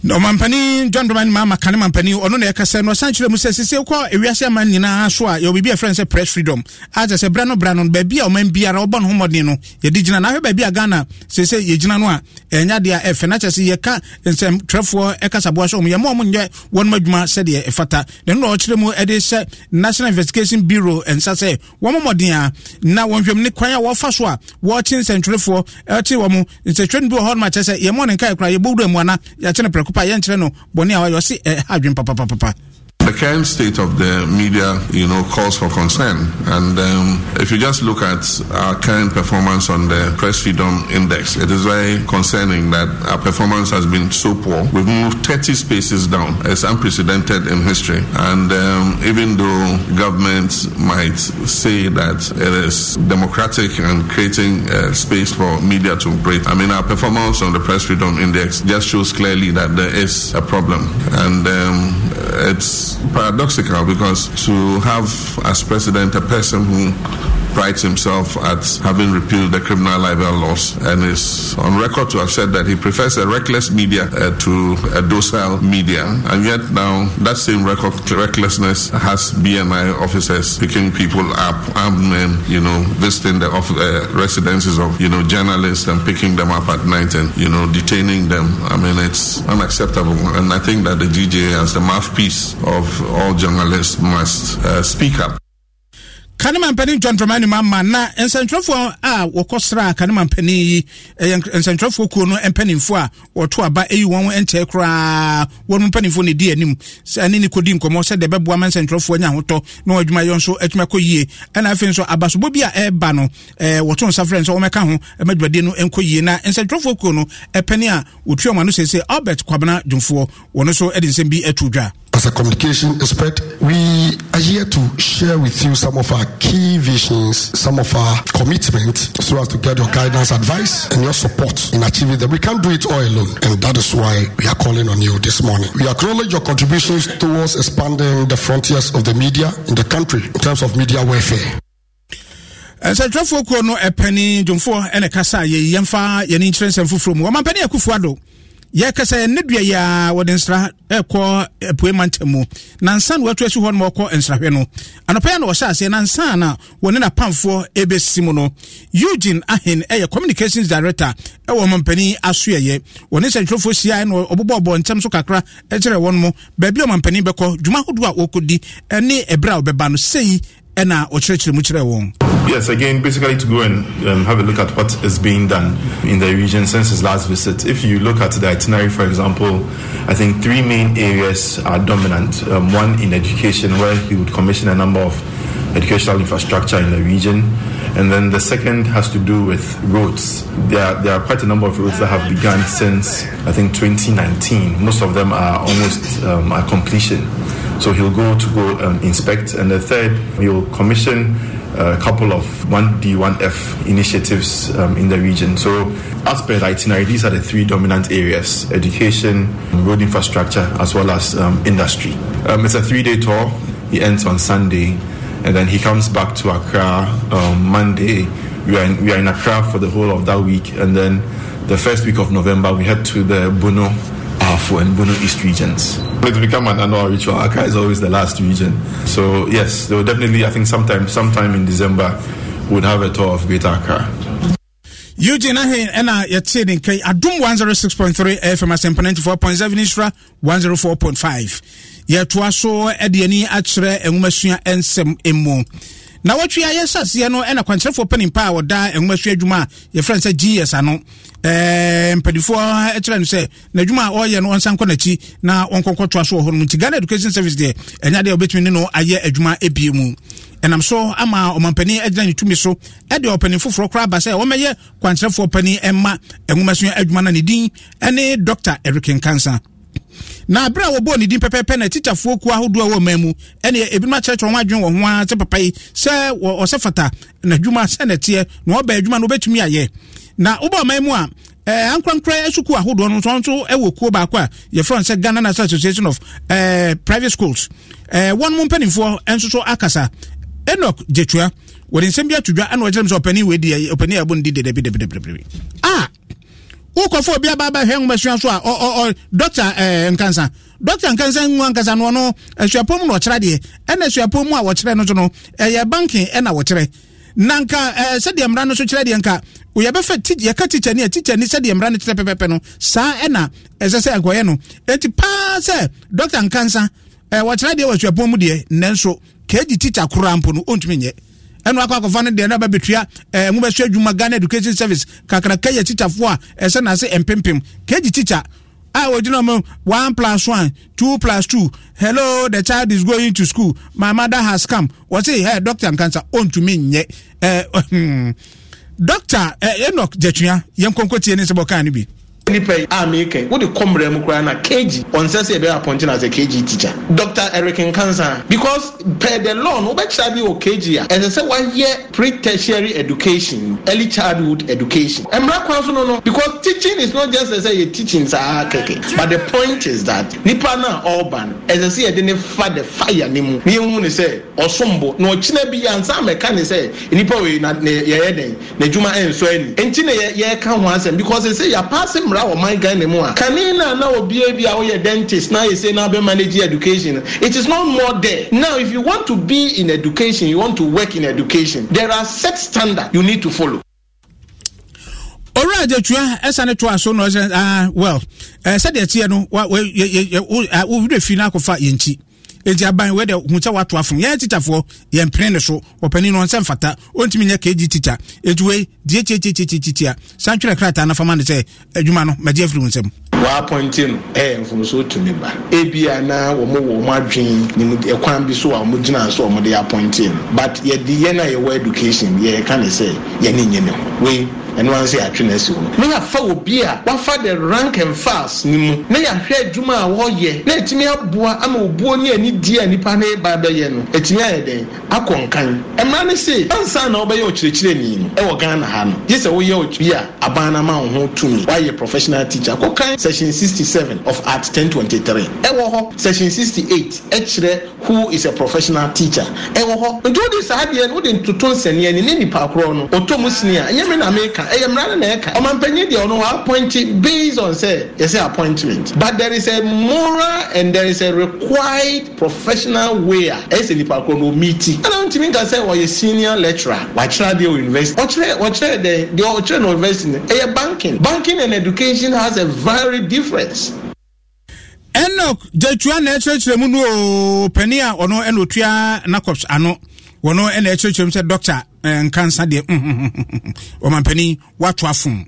ɔmampani john dɔmani maama kane mampani ɔno na ɛkasa no ɔsan kyerɛ mu sɛ sese kɔ ewiase ama nyinaa so a yɛ biribi a frɛ sɛ press freedom a kyɛ sɛ berɛ no bra no baabi a ɔman biara wɔbɔ no ho no yɛde gyina na ahwɛ baabi a ghana sese yɛgyina no a ɛnyɛ deɛ ɛfɛ na kyɛ sɛ yɛka nsɛmtwerɛfoɔ ɛkasaboa sɛ ɔm yɛma ɔmo nyɛ wɔnom adwuma sɛdeɛ ɛfata na ɛno na ɔkyerɛ mu de hyɛ national investigation bureau nsa sɛ wɔn mmɔden a na wɔnhwɛm ne kwan a wɔfa so a wɔkye nsɛntwerɛfoɔ ɛkye wɔn nsɛntwerɛ no bi wɔ hɔ nom a kyɛ sɛ yɛma ɔne nkae koraa yɛbɔ wura mu ana yɛakye prɛko akopa yɛnkyerɛ no bɔne a wayɛ ɔse adwen papapapa the current state of the media, you know, calls for concern. And um, if you just look at our current performance on the press freedom index, it is very concerning that our performance has been so poor. We've moved 30 spaces down. It's unprecedented in history. And um, even though governments might say that it is democratic and creating space for media to operate, I mean, our performance on the press freedom index just shows clearly that there is a problem. And um, it's paradoxical because to have as president a person who prides himself at having repealed the criminal libel laws and is on record to have said that he prefers a reckless media uh, to a docile media. And yet now that same record, recklessness has BNI officers picking people up, armed men, you know, visiting the off- uh, residences of, you know, journalists and picking them up at night and, you know, detaining them. I mean, it's unacceptable. And I think that the GJ, as the mouthpiece of all journalists, must uh, speak up. kanema mpanin john dramani mama na nsɛntwerɛfoɔ a wɔkɔ sra kanema mpanin yi ɛyɛ nsɛntwerɛfoɔ kuo no mpanimfoɔ a wɔto aba ɛyi wɔn nkyɛn koraa wɔn mpanimfoɔ na di anim ɛne ne kɔdi nkɔmɔ sɛ deɛ ɛbɛboa ma nsɛntwerɛfoɔ anya ahotɔ na wɔn adwuma yɛ nso atuma kɔ yie ɛna afei nso abasobɔ bi a ɛreba no ɛɛ wɔto nsa frɛ nso wɔmɛka ho ɛma dwadie no nkɔ yie na albert kwabena dwomfoɔ wɔn nso de nsɛm as a communication expert, we are here to share with you some of our key visions, some of our commitments, so as to get your guidance, advice, and your support in achieving them. We can't do it all alone, and that is why we are calling on you this morning. We acknowledge your contributions towards expanding the frontiers of the media in the country in terms of media welfare. nsɛtwerɛfoɔ kuro no ɛpɛne dwomfoɔ ɛne kasa yɛyɛmfa yɛne nkyerɛ nsɛm foforɔ mu akufoɔ ado yɛkasa ɛne dua yi a wɔde nsra ɛkɔ apue mantam mu nansa na watu asi hɔ no ma wɔkɔ nsrahwɛ no anɔpa yɛ na wɔhyɛ aseɛ nansa na wɔne napamfoɔ ɛbɛsi mu no eugene ahen ɛyɛ communications director ɛwɔ ɔmampanin asoɛyɛ wɔne nsɛntwerɛfoɔ hyia na ɔbobɔɔbɔ ntɛm so kakra ɛkyerɛ wɔn mu baabi ɔmampanin bɛkɔ dwuma ahodoɔ a wɔkɔdi ɛne ɛberɛ a wɔbɛba no sɛyi ɛna ɔkyerɛkyerɛ mu kyerɛ wɔn Yes, again, basically to go and um, have a look at what is being done in the region since his last visit. If you look at the itinerary, for example, I think three main areas are dominant. Um, one in education, where he would commission a number of educational infrastructure in the region. And then the second has to do with roads. There are, there are quite a number of roads that have begun since, I think, 2019. Most of them are almost um, at completion. So he'll go to go um, inspect. And the third, he'll commission a couple of 1D1F initiatives um, in the region. So, as per the itinerary, these are the three dominant areas education, road infrastructure, as well as um, industry. Um, it's a three day tour. He ends on Sunday, and then he comes back to Accra um, Monday. We are, in, we are in Accra for the whole of that week, and then the first week of November, we head to the Bono powerful in Bono East regions. It's become an annual ritual. Accra is always the last region. So, yes, there will definitely, I think, sometime, sometime in December, would have a tour of Greater Accra. Eugene na and I yet in K Adum one zero oh six point three FM Asempa ninety four point seven Isra one zero oh four point five. Yet was so at the any actually and na wɔtwe ayɛ saseɛ no ɛna kwankyerɛfoɔ panimpa a wɔda nwoma so adwuma a yɛfrɛ sɛ gs ano eh, mpadifoɔ kyerɛ no sɛ n'adwuma a ɔyɛ no ɔnsan nkɔ n'akyi na ɔnkɔnkɔtoa so wɔ hɔ nom nti ghana education service deɛ ɛnya deɛ wɔbɛtumi ne no ayɛ adwuma ebie mu ɛnam so ama ɔmampanin agyina ne tumi so ɛde ɔpanin foforɔ koraa ba sɛ wɔmɛyɛ kwankyerɛfoɔ panin ɛma nwoma so adwuma na ne din ɛne dr eric nkansa na abere a wɔbɔɔ ne din pɛpɛpɛ na tikyafoɔ kuo ahodoɔ a wɔ ma mu ɛne ebinom akyerɛkyerɛ wɔn adwene wɔn ho a sɛ papa yi sɛ ɔsɛ fata n'adwuma sɛ n'ɛteɛ na ɔba adwuma no wɔbɛtumi ayɛ na wobɔ ɔman mu a ɛɛ ankorankora sukuo ahodoɔ no nso nso ɛwɔ kuo baako a yɛfrɛ no sɛ ghana national association of ɛɛ private schools ɛɛ wɔn mu mpanimfoɔ nso so akasa enoch gyetua wɔde nsɛm bi ato dwa ɛna ɔkyerɛ mu sɛ ɔpanin wei di ɔpanin abɔ ne di dɛdɛbi wokɔfo obi aba abɛhwɛ nwomɛsua so a ɔ dɔkta ɛɛ nkansa dɔkta nkansa nwa nkasa no ɔno asuapɔn mu na ɔkyerɛ adeɛ ɛna asuapɔn mu a wɔkyerɛ no so no ɛyɛ bankin ɛna wɔkyerɛ na nka ɛɛ sɛdeɛ mmara no so kyerɛ deɛ nka yɛbɛfɛ ti yɛka tikya ni a tikya ni sɛdeɛ mmara no kyerɛ pɛpɛpɛ no saa ɛna ɛsɛ sɛ ɛkɔyɛ no eti paa sɛ dɔkta nkansa ɛɛ wɔkyerɛ deɛ wɔ asuapɔn mu ɛna wakɔ akɔfa no deɛ na babɛtua ɛɛ eh, mo bɛso adwuma ghana education service kakraka yɛ tikyafoɔ a ɛsɛ eh, n'ase mpempem kegye tikya a wɔgyina mu one plus one two plus two hello the child is going to school my mother has come wɔsi ɛ doctor nkansa ɔntumi nyɛ ɛɛ eh, hmm. doctor ɛ enoch jɛtua yɛn kɔnkɔ tie ne nsɛbɔ kaa no bi nipa yi a meeka yi wode kɔ mmerɛ mu koraa na kg ɔnsɛ sɛ yɛbɛyɛ apɔnkye asɛ kg teacher dr eric nkansa because per the law no wobɛkyerɛ bi wɔ kg a ɛsɛ sɛ wayɛ pre-tertiary education early childhood education mmerɛ kwan so no no because teaching is not just sɛ yɛ teaching saa kɛkɛ but the point is that nipa no a ɔreba no ɛsɛ sɛ yɛde ne fa the fire ne mu ne yɛhu ne sɛ ɔsombo na ɔkyena bi yɛ ansa mɛka ne sɛ nipa wei na yɛyɛ dɛn n'adwuma ɛnsɔ ani nti na yɛka ho asɛm because ɛsɛ yɛapaase mmerɛ wura ɔman gan ne mu a kane na na obie bi a ɔyɛ dentist na yɛ sɛ na bɛ manage education it is not more there now if you want to be in education you want to work in education there are set standards you need to follow. owura adetua ɛsane to aso na ɔsɛ ah well ɛɛ sɛdeɛ teɛ no wa wa yɛ yɛ yɛ wo a wo fi n'akɔfa yɛn ti eti aban wɛ dɛ hunkyɛ wato afom yɛn tikyafoɔ yɛn pene ne so ɔpanin no ɔnsɛ mfata ɔntumi nyɛ kg tita eti wei die tietietietietitia santwerɛ krataa na fama ne sɛ adwuma eh, no mɛgye afiri wo nsɛm wɔapɔnte no ɛyɛ mfomso tumi ba ebia na wɔn wɔ wɔn adwene ne mu ɛkwan bi so a wɔn gyina so a wɔde apɔnte no but yɛde yɛn a yɛwɔ education yɛka ne sɛ yɛn ne nyɛ ne ho wei ɛno ansi atwe na asi wɔn na yɛafa obi a wafa the rank and fast ne mu na yɛahwɛ adwuma a wɔyɛ na etumi aboa ama obuo ne ani die a nipa ne ba bɛyɛ no etumi ayɛ dɛn akɔ nkan mmaa ne se ansa na wɔbɛyɛ ɔkyerɛkyerɛni no ɛwɔ ghana ha no gye sɛ woyɛ obi a aban na ma wo ho tumi professional teacher kɔkan sɛ section 67 of Act 1023 ɛwɔ hɔ section 68 ɛkyerɛ who is a professional teacher ɛwɔ hɔ nti wode saa deɛ no wode ntoto nsɛneɛ ne ne nipa korɔ no ɔtɔ mu sini a ɛnyɛ me na meka ɛyɛ mmara no na ɛka ɔmampanyin deɛ ɔno appoint based on sɛ yɛsɛ appointment but there is a moral and there is a required professional way a ɛyɛ sɛ nipa korɔ no ɔmiiti ɛna ntumi nka sɛ wɔyɛ senior lecturer wakyerɛ adeɛ wɔ university ɔkyerɛ ɔkyerɛ deɛ deɛ ɔkyerɛ no university no ɛyɛ banking banking and education has a very very different. enoch jetua na ɛkyerɛkyerɛ mu no o oh, pani a ɔno ɛna eh, otua nakops ano wɔno ɛna eh, ɛkyerɛkyerɛ mu sɛ dɔkta eh, nkansa deɛ ɔmampani wato afom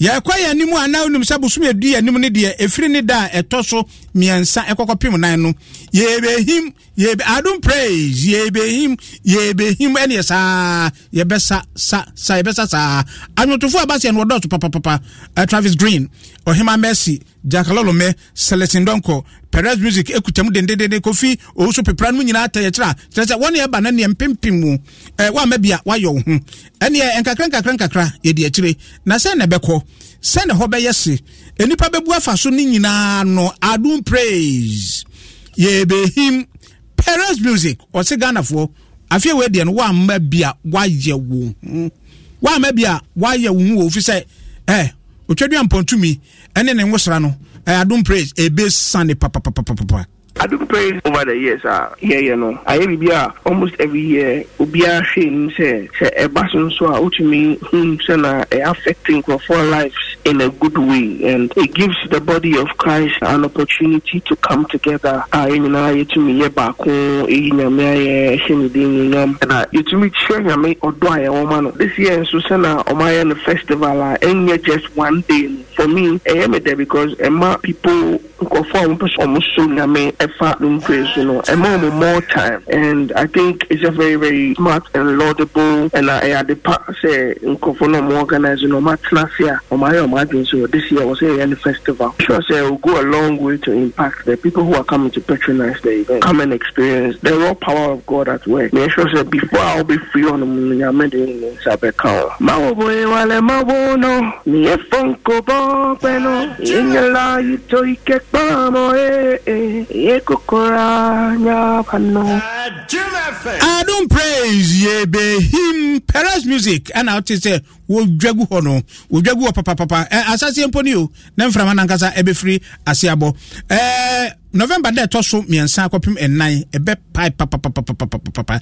yɛkɔ yɛn anim a na wonim sɛ bosom yɛdu yɛn anim no deɛ ɛfiri ne da a ɛtɔ so mmiɛnsa ɛkɔkɔpem nan no yɛbɛhim yɛb adom praise yɛbɛhim yɛbɛhim ɛneɛ saa yɛbɛsa sa sa yɛbɛsa saa anwotofoɔ a basa yɛn no wɔdɔɔso papapapa uh, travis green ɔhema mercy jakalolome seletin dɔnkɔ perez music ekutam dendendende kofi owusu pepera no nyinaa tɛ yɛkyerɛ a kyerɛ sɛ wɔne ɛba no neɛ mpempem mu ɛɛ eh, wɔama bia wayɛ wo ho eh, ɛneɛ nkakra nkakra nkakra yɛdi akyire na sɛ na ɛbɛkɔ sɛ na hɔ bɛyɛ se nnipa bɛbu afa so no nyinaa no adom praise yɛbɛhim perez music ɔse ghanafoɔ afei wei deɛ no wɔama bia wayɛ wo ho wɔama bia wayɛ wo ho wɔ ofi sɛ eh, ɛɛ otwa duampɔntumi ɛne ne nwosra no ɛyɛ eh, adom praise ebe eh, sane papapapapa. pa, pa, pa, pa. I do pray over the years. Ah, yeah, you know. I every year, ah, almost every year, obia shame say say eh, a person so out to me say eh, affecting for lives in a good way, and it gives the body of Christ an opportunity to come together. I you a you to me yeah back home, you a me yeah shame di you know, you to me share you me odo aye ah, eh, woman. This year so say na omaya festival ah, and just one day for me. I am there because my people go for almost so na me. A Lumkwe, you know, a moment more time. And I think it's a very, very smart and laudable. And I had the part say, in Kofono, organizing, or my last year. or my imagine, so this year was a festival. Sure, say, will go a long way to impact the people who are coming to patronize the event. Come and experience the raw power of God at work. Make sure, say, before I'll be free on the moon, I'm in the Sabekao. Mawoboe wale mawono, niye fonko bopeno, inyala yito ikekbamo, eh, eh, Adum praise ye be him. paris music ɛna wote sɛ wɔdwa gu hɔ no wɔdwa gu hɔ papapapa eh, asaseɛ mpo ne o na mframa no ankasa ɛbɛfiri aseabɔ eh, november da ɛtɔ so mmiɛnsa akɔpem ɛnan ɛbɛpae papapapapapapa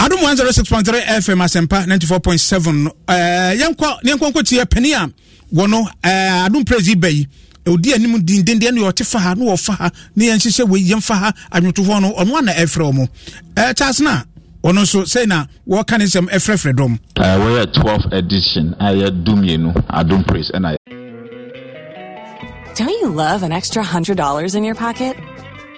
adom 106.3 fm asɛmpa 94.7 eh, yɛnkɔ ne yɛnkɔ nkɔtiɛ pani a wɔ no eh, Adum praise yi ba odi anim dindindeɛ no yɛɔte fa ha eh, na wɔfa ha na yɛnhyehyɛ wei yɛmfa ha adwotofoɔ no ɔno ana ɛfrɛ mo ɛkyas no a ɔno nso sɛi na wɔka ne nsɛm ɛfrɛfrɛ dɔm wɔyɛ 12 edition a eh, yɛ dumienu adom praise ɛna Don't you love an extra $100 in your pocket?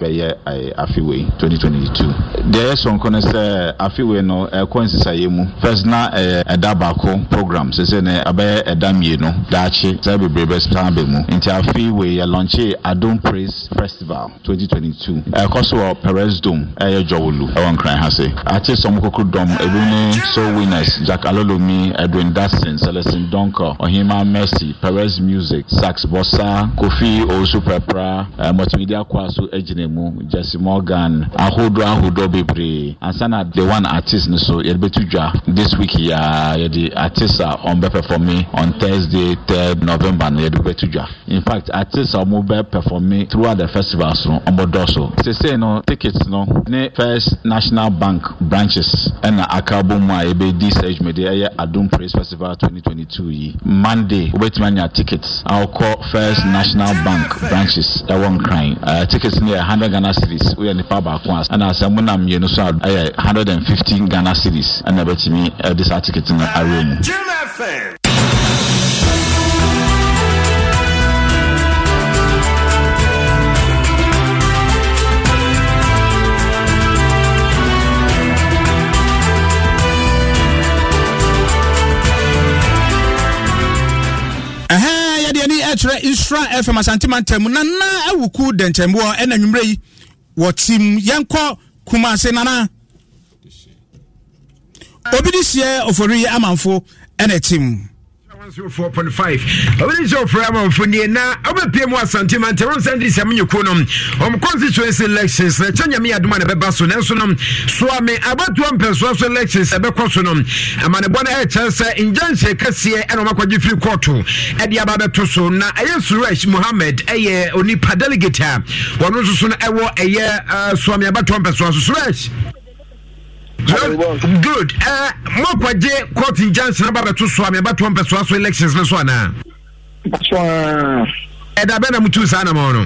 bɛyɛ ɛɛ eh, afiwe 2022. twenty two deɛ yɛ sɔn kɔnɛ sɛ afiwe no ɛkɔ nsesayɛ mu first na ɛɛ eh, ɛda baako program sese ne ɛbɛyɛ ɛda mmienu daakye sɛ bebree bɛ san bɛ mu nti afiwe yɛ lɔnkye adom praise festival 2022. twenty ɛkɔ so wɔ perez dome ɛyɛ jɔwolu ɛwɔ nkran ha se ate sɔm koko dɔm ebi ne soul winners jack alolomi edwin datsin celestin donko ɔhima mercy perez music sax bossa kofi osu pɛpra ɛɛ eh, multimedia kwaso egyina ne mu jesse morgan ahodoɔ ahodoɔ bebree ansa na the one artist no so yɛde bɛtu dwa this week yaa yɛde artist a ɔmbɛ performe on thursday third november no yɛde bɛtu dwa in fact artist a ɔmo bɛ performe throughout the festival so ɔmo dɔɔso sese no tickets no ne first national bank branches ɛna aka bɔ mu a yɛbɛdi sage mede ɛyɛ adum praise festival 2022 yi monday wobɛtumi anya tickets a first national bank branches ɛwɔ nkran uh, tickets no yɛ 100 Ghana series woyɛ nipa baako a ɛna sɛ monam mmienu so a ɛyɛ 115 Ghana series ɛna ɛbɛtumi ɛde eh, saa ticket no awɛ mu Uh-huh. ɛkyerɛ nsra fm asantema ntamu nana awuku dɛnkyɛmboɔ ɛna nwummerɛ yi wɔtim yɛnkɔ kumase nana obi de seɛ ɔfori amanfo ɛna tim wodesɛframamfoni na wobɛpie mu asantema ntɛ wo nsɛm de sɛ menyɛ kuo no ɔm constituency elections na ɛkyɛ nyame adoma na ɛbɛba so nanso no soa me abatoa mpɛsoa so elections ɛbɛkɔ so no amanebɔ no ɛkyerɛ sɛ ngyanhyɛ kɛseɛ ɛna ɔmakɔgye firi kɔɔto ɛde aba bɛto so na ɛyɛ suraj mohammed ɛyɛ onipa delegate a wɔno nso so no ɛwɔ ɛyɛ eh, soa me abatoa mpɛsoa so suraj good eh, mɔkɔgye court nkyɛnse no ba bɛto so a mebɛtoɔ mpɛsoa so elections no so anaa uh, ɛda bɛ na motu saa namɔ no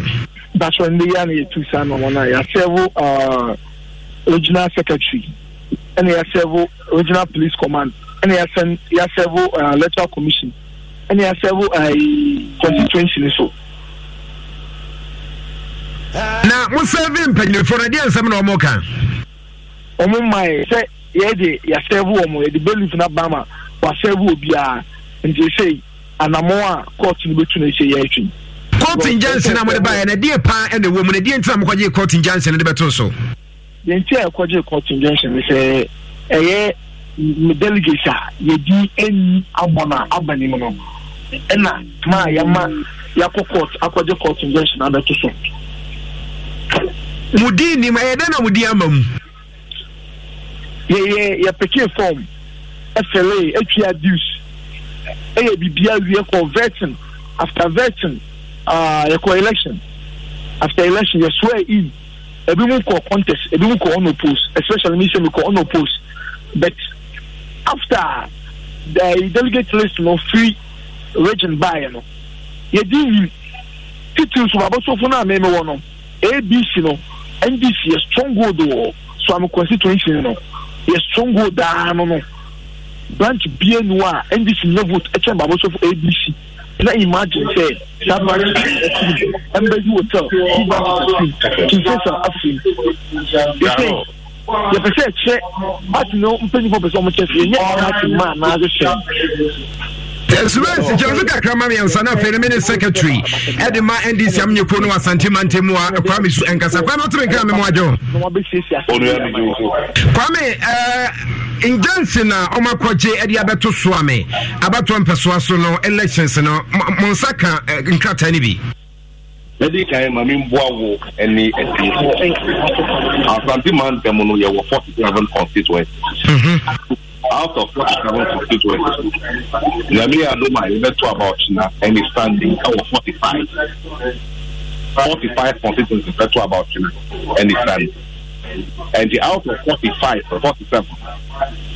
basɔ ndeyɛ na yɛtu saa namɔ no a yɛasɛvo uh, regional secretary ɛna yɛasɛvo regional police command ɛna yɛasɛvo uh, electoral commission ɛna yɛasɛvo constituency no so na mo sɛve mpanyinifo no deɛ nsɛm na ɔmɔ ka Ọmụma mma e, ya sị ya de ya ọmụ ya de belif na bama obi a nti ese a kọọtụ na n'ese ya etwi. Kọtin Jansen na e, die paa na ewu mu na ntị e na mụ kọjee Kọtin Jansen na ebetu so. Deɛ a yɛkɔgye Kọtin Jansen sɛ ɛyɛ delegate a yɛdi ɛni abɔ na aba ne mu no maa yɛma akɔgye na so. di nim ɛyɛ dɛ na yɛyɛ yɛpeke form fla atwa e dues ɛyɛ e biribia wie kɔ vertin after vertin uh, yɛkɔ election after election swear in ebi mu kɔ contest ebi mu kɔ unopposed especially me sɛ mekɔ unopposed but after the delegate list no free region baeɛ no yɛdi nim titiri so abɔsofo no a meme wɔ no abc no ndc strong stronghold wɔ so ame constituency no yɛsongo daa no no branch bie nu a ndc nye vote ɛkyɛn baabo sɔfo abc na imagine sɛ saa branch ɛtum ɛmbɛdi hotel two branches ɛtum kinfesa afim yɛsɛ yɛpɛ sɛ ɛkyɛ party no mpanyinfo pɛ sɛ ɔmo kyɛ sɛ yɛnyɛ party mu a n'adze fɛn subensi oh. kyɛnso kakra ma miɛnsa na afei ne mene secretary ɛde ma ndc am nyɛ kuo no wasante mante mu a kwame su ɛnkasa kwame woteme nkra me mo agye wo kwame eh, njansi na ɔmo akɔgye ɛde abɛto so ame abatoɔ mpɛsoa so no elections no mo nsa ka eh, nkrataa no bi yɛde kan maame mboa wo ne atiefo asante ma ntɛm no yɛwɔ forty seven constituencies mhm out of forty seven constituencies nyame adoma yɛbɛto about na ɛne standing Out oh, of forty five forty five constituencies bɛto about na ɛne standing And the out of forty five forty seven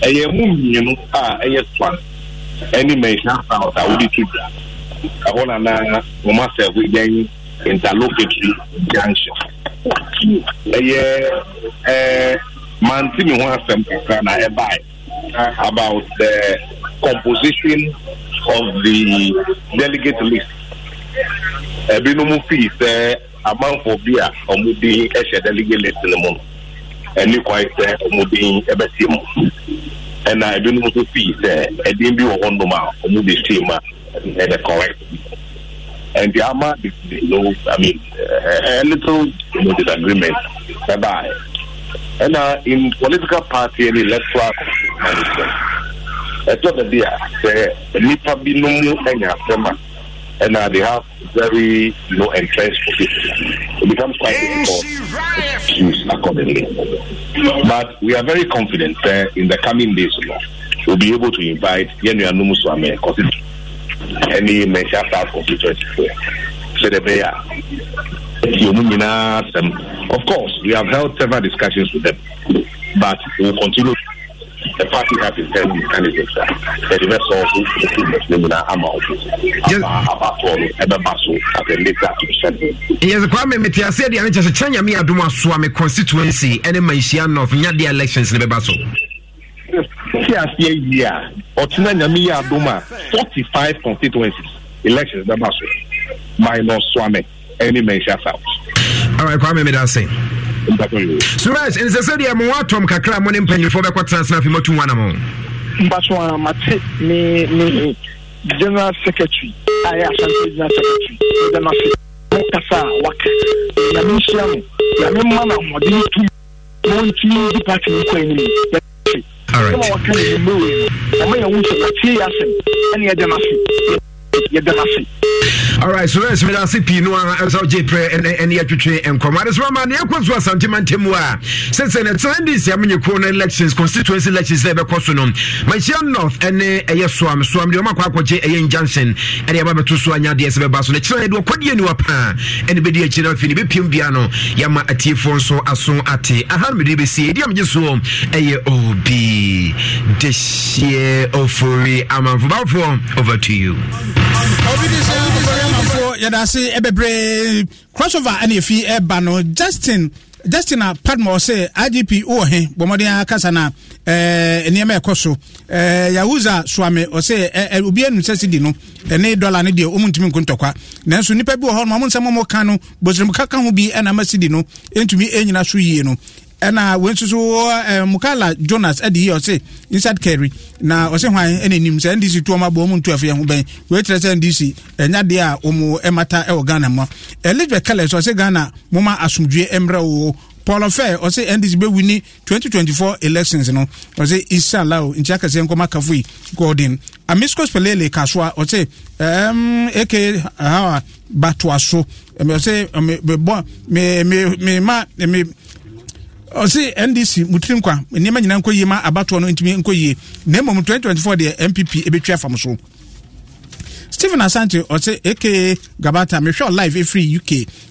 ɛyɛ mu mmienu a ah, ɛyɛ swan ɛne mɛnhyia south a wodi to dwa ɛhɔ na we must have yɛn interlocutory junction ɛyɛ ɛɛ mantimi ho asɛm kakra na ɛbaeɛ about the composition of the delegate list. Ebinom fii sɛ amanfo bi a wɔn din hyɛ delegate list no mu ɛni kwan sɛ wɔn din bɛsi mu ɛna ebinom nso fii sɛ ɛdin bi wɔ hɔnom a wɔn de si mu a ɛyɛ correct. And the ama, you know, I mean, a eh, eh, little you know, disagreement. Bye bye and uh, in political party eh, and electoral management. ɛtɔ da bi a sɛ nipa bi no mu anya asɛm a ɛna they have very you know entrenched position it becomes quite difficult to choose accordingly but we are very confident uh, in the coming days you know, we'll be able to invite yɛnuanom so amɛ constituency ɛne mɛnhyɛ asase constituency sɛ dɛ bɛyɛ a Of course, we have held several discussions with them, but we will continue. The party has its own mechanisms. The rest of the Mumina Amount, Ebabaso, at the later to send him. Yes, Kwame Metia said the Anicha Chanya Mia Duma Swami constituency and my Maisian of Nyadia elections in Ebabaso. Yes, yeah, yeah. Otina Namia Duma, 45 constituencies, elections in Ebabaso, minus Swami any mention out. All right, Kwame Medase. Suraj, and the Sadia Muatom Kakra, one in Penny for the Quatrans Nafimotu Wanamo. Mbaswana Mate, me, me, General Secretary, I am General Secretary, the Nasi, Mokasa, Wak, Yamishamu, Yamimana, Moditu, Monty, the party in Queen. All right. I'm going to move. I'm going to move. I'm going to move yɛda ase alright so let's meda ase pii no a ɛsɛ wogye prɛ ɛne yɛtwetwe nkɔmmɔ ade so mama ne yɛkɔ so asantema ntamu a sɛsɛ ne sundays a menyɛ kuro no elections constituency elections sɛ ɛbɛkɔ so no manhyia north ɛne ɛyɛ soam soam deɛ ɔma akɔ akɔgye ɛyɛ injunction ɛne yɛba bɛto so anyadeɛ sɛ bɛba so no kyerɛ yɛde ɔkɔdeɛ niwa paa ɛne bɛdi akyi no afei ne bɛpiem bia no yɛama atiefoɔ nso aso ate aha no mede bɛsie ɛdi a megye soɔ ɛyɛ obi dehyeɛ ofori amanfo bawofoɔ over to you yɛda ase ɛbɛbree crossover ɛna efi ɛba e no justin justin a padmore sɛ igp wɔ he bɔmmɔden akasa na ɛɛ nneɛma ɛkɔ so ɛɛ yahuza suame ɔsɛ obi e, e, sɛ sidi no ɛne dɔla ne deɛ ɔmu ntumi nko ntɔkwa nanso nnipa bi wɔ hɔ no ɔmu nsɛm ɔmu no ho bi ɛna no ɛntumi yie no ɛna wei nso so eh, mukala jonas ɛde yi ɔse inside carry na ɔse hwan ɛna nim sɛ ndc to ɔma bɔ ɔmo ntu afei ɛho bɛn wei kyerɛ sɛ ndc ɛnya deɛ a ɔmo ɛmata ɛwɔ ghana mu elizabeth kallers ɔse ghana moma asomdwe mmerɛ wo paul ɔfɛ ɔsɛ ndc bɛwi ni 2024 elections no ɔsɛ inshallah o nkyɛn akɛseɛ nkɔmɔ akafo gordon amisco spelele kasoa ɔsɛ ɛɛm eke ahawa batoa so ɛmɛ ɔsɛ ɛmɛ bɛ bɔ mɛ mɛ mɛ ma ɛmɛ ɔsi ndc mutiri nkwa nneɛma nyinaa nkɔ yie ma abatoɔ no ntumi nkɔ yie na mmom 2024 deɛ MPP ebetwi afam so stephen asante ɔsi aka gabata mehwɛ live efiri uk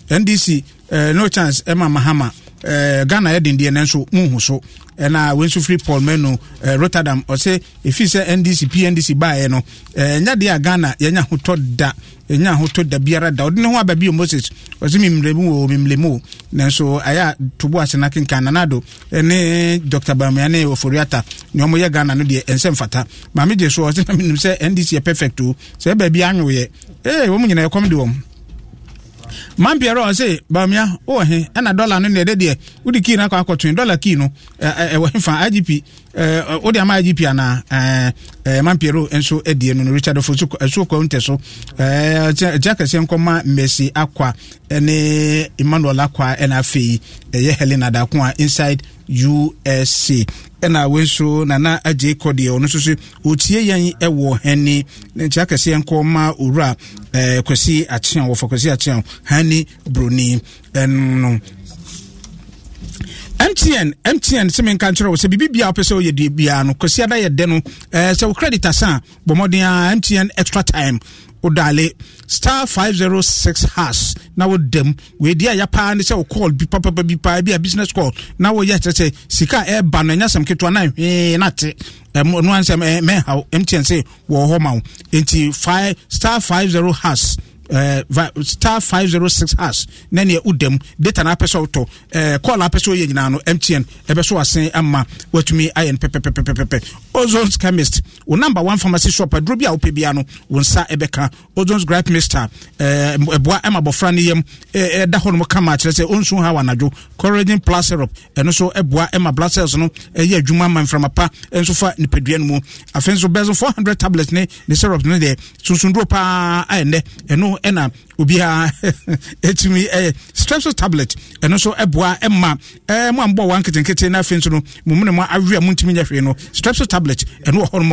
ndc uh, eh, no chance ɛma mahama uh, ghana yɛ dendeɛ nanso muhu so ɛna wɔn nso firi paul menu eh, rotterdam ɔsɛ efi sɛ ndc pndc baeɛ no ɛnyɛ eh, deɛ a ghana yɛnya ahotɔ da ɛnya ahotɔ da biara da ɔde ne ho aba bio moses ɔsɛ mimlemu o mimlemu o nanso ayɛ a tobo ase no akenka nanado ne dr bamia ne oforiata ne ɔmoyɛ ghana no deɛ ɛnsɛ mfata maame gye so ɔsɛ na menim sɛ ndc yɛ perfect o sɛ ɛbaabi anwoeɛ ee wɔn nyinaa yɛkɔm de wɔn mampiara ɔ se bamia wowɔ oh, he eh, ɛna dɔla no neɛ dɛ deɛ wode kii no akɔ akɔtoe dɔla kii no ɛwɔ hefa agp wode ama agp anaa mampiaro nso adie no no richard fo ɛsuo eh, kwa ntɛ so agya kɛseɛ nkɔma mmɛsi akwa ne emmanuel akwa ɛna afei ɛyɛ helena dako a inside usa ɛna wei nso nana agye kɔ deɛ ɔno nso so ɔtie yɛn ɛwɔ hɛne nkyia kɛseɛ nkɔ ma owura ɛɛ eh, kwasi akyeaw wɔfa kwasi akyeaw hane broni ɛno mtn mtn sɛ menka nkyerɛ wo sɛ biribibia wopɛ sɛ woyɛ biaa no kwasiada yɛ dɛ no eh, sɛ wo credit asa bɔ mmɔden mtn extra time wodale star 506 has na wodam weedi a yɛpaa ne sɛ wo call bi papapa bi paa bi a business call na woyɛ kyerɛ sɛ sika a ɛba no ɛnyɛ asɛm ketewa na hwee na te ɛno ansɛm eh, mɛhaw mtn sɛ wɔwɔ hɔ ma wo enti star 50 has uh, star five zero six hash na nea wodam data no apɛ sɛ wotɔ uh, eh, call apɛ sɛ woyɛ nyinaa no mtn ɛbɛ so asen ama woatumi ayɛ no pɛpɛpɛpɛpɛpɛ ozones chemist wo number one pharmacy shop aduro bi a wopɛ bia no wo nsa ɛbɛka ozones grip mister ɛboa eh, uh, ma bɔfra no yam ɛda hɔ nom kama kyerɛ sɛ ɔnsu ha wanadwo corrigin plus syrup ɛno so ɛboa ma blood cells no ɛyɛ adwuma ma mframa pa nso fa nipadua no mu afei nso bɛso 400 tablet ne ne syrup no deɛ sunsunduro paa ayɛ nnɛ ɛno ɛna obiara ɛtumi ɛyɛ strepsil tablet ɛno nso ɛboa ɛma ɛɛ mo a mbɔ nketenkete na afei nso no mo mu ne mo awi a ntumi nyɛ hwee no strepsil tablet ɛno wɔ hɔ nom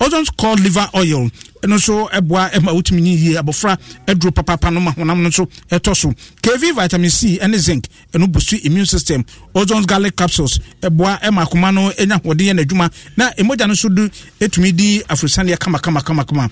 a ozone called liver oil ɛno nso ɛboa ɛma wotumi nyi yie abɔfra ɛduro papapa no ma honam no nso ɛtɔ so kv vitamin c ɛne zinc ɛno boost immune system ozone garlic capsules ɛboa ɛma akoma no ɛnya ahoɔden yɛ n'adwuma na emogya no nso do ɛtumi di afrosaneɛ kamakamakamakama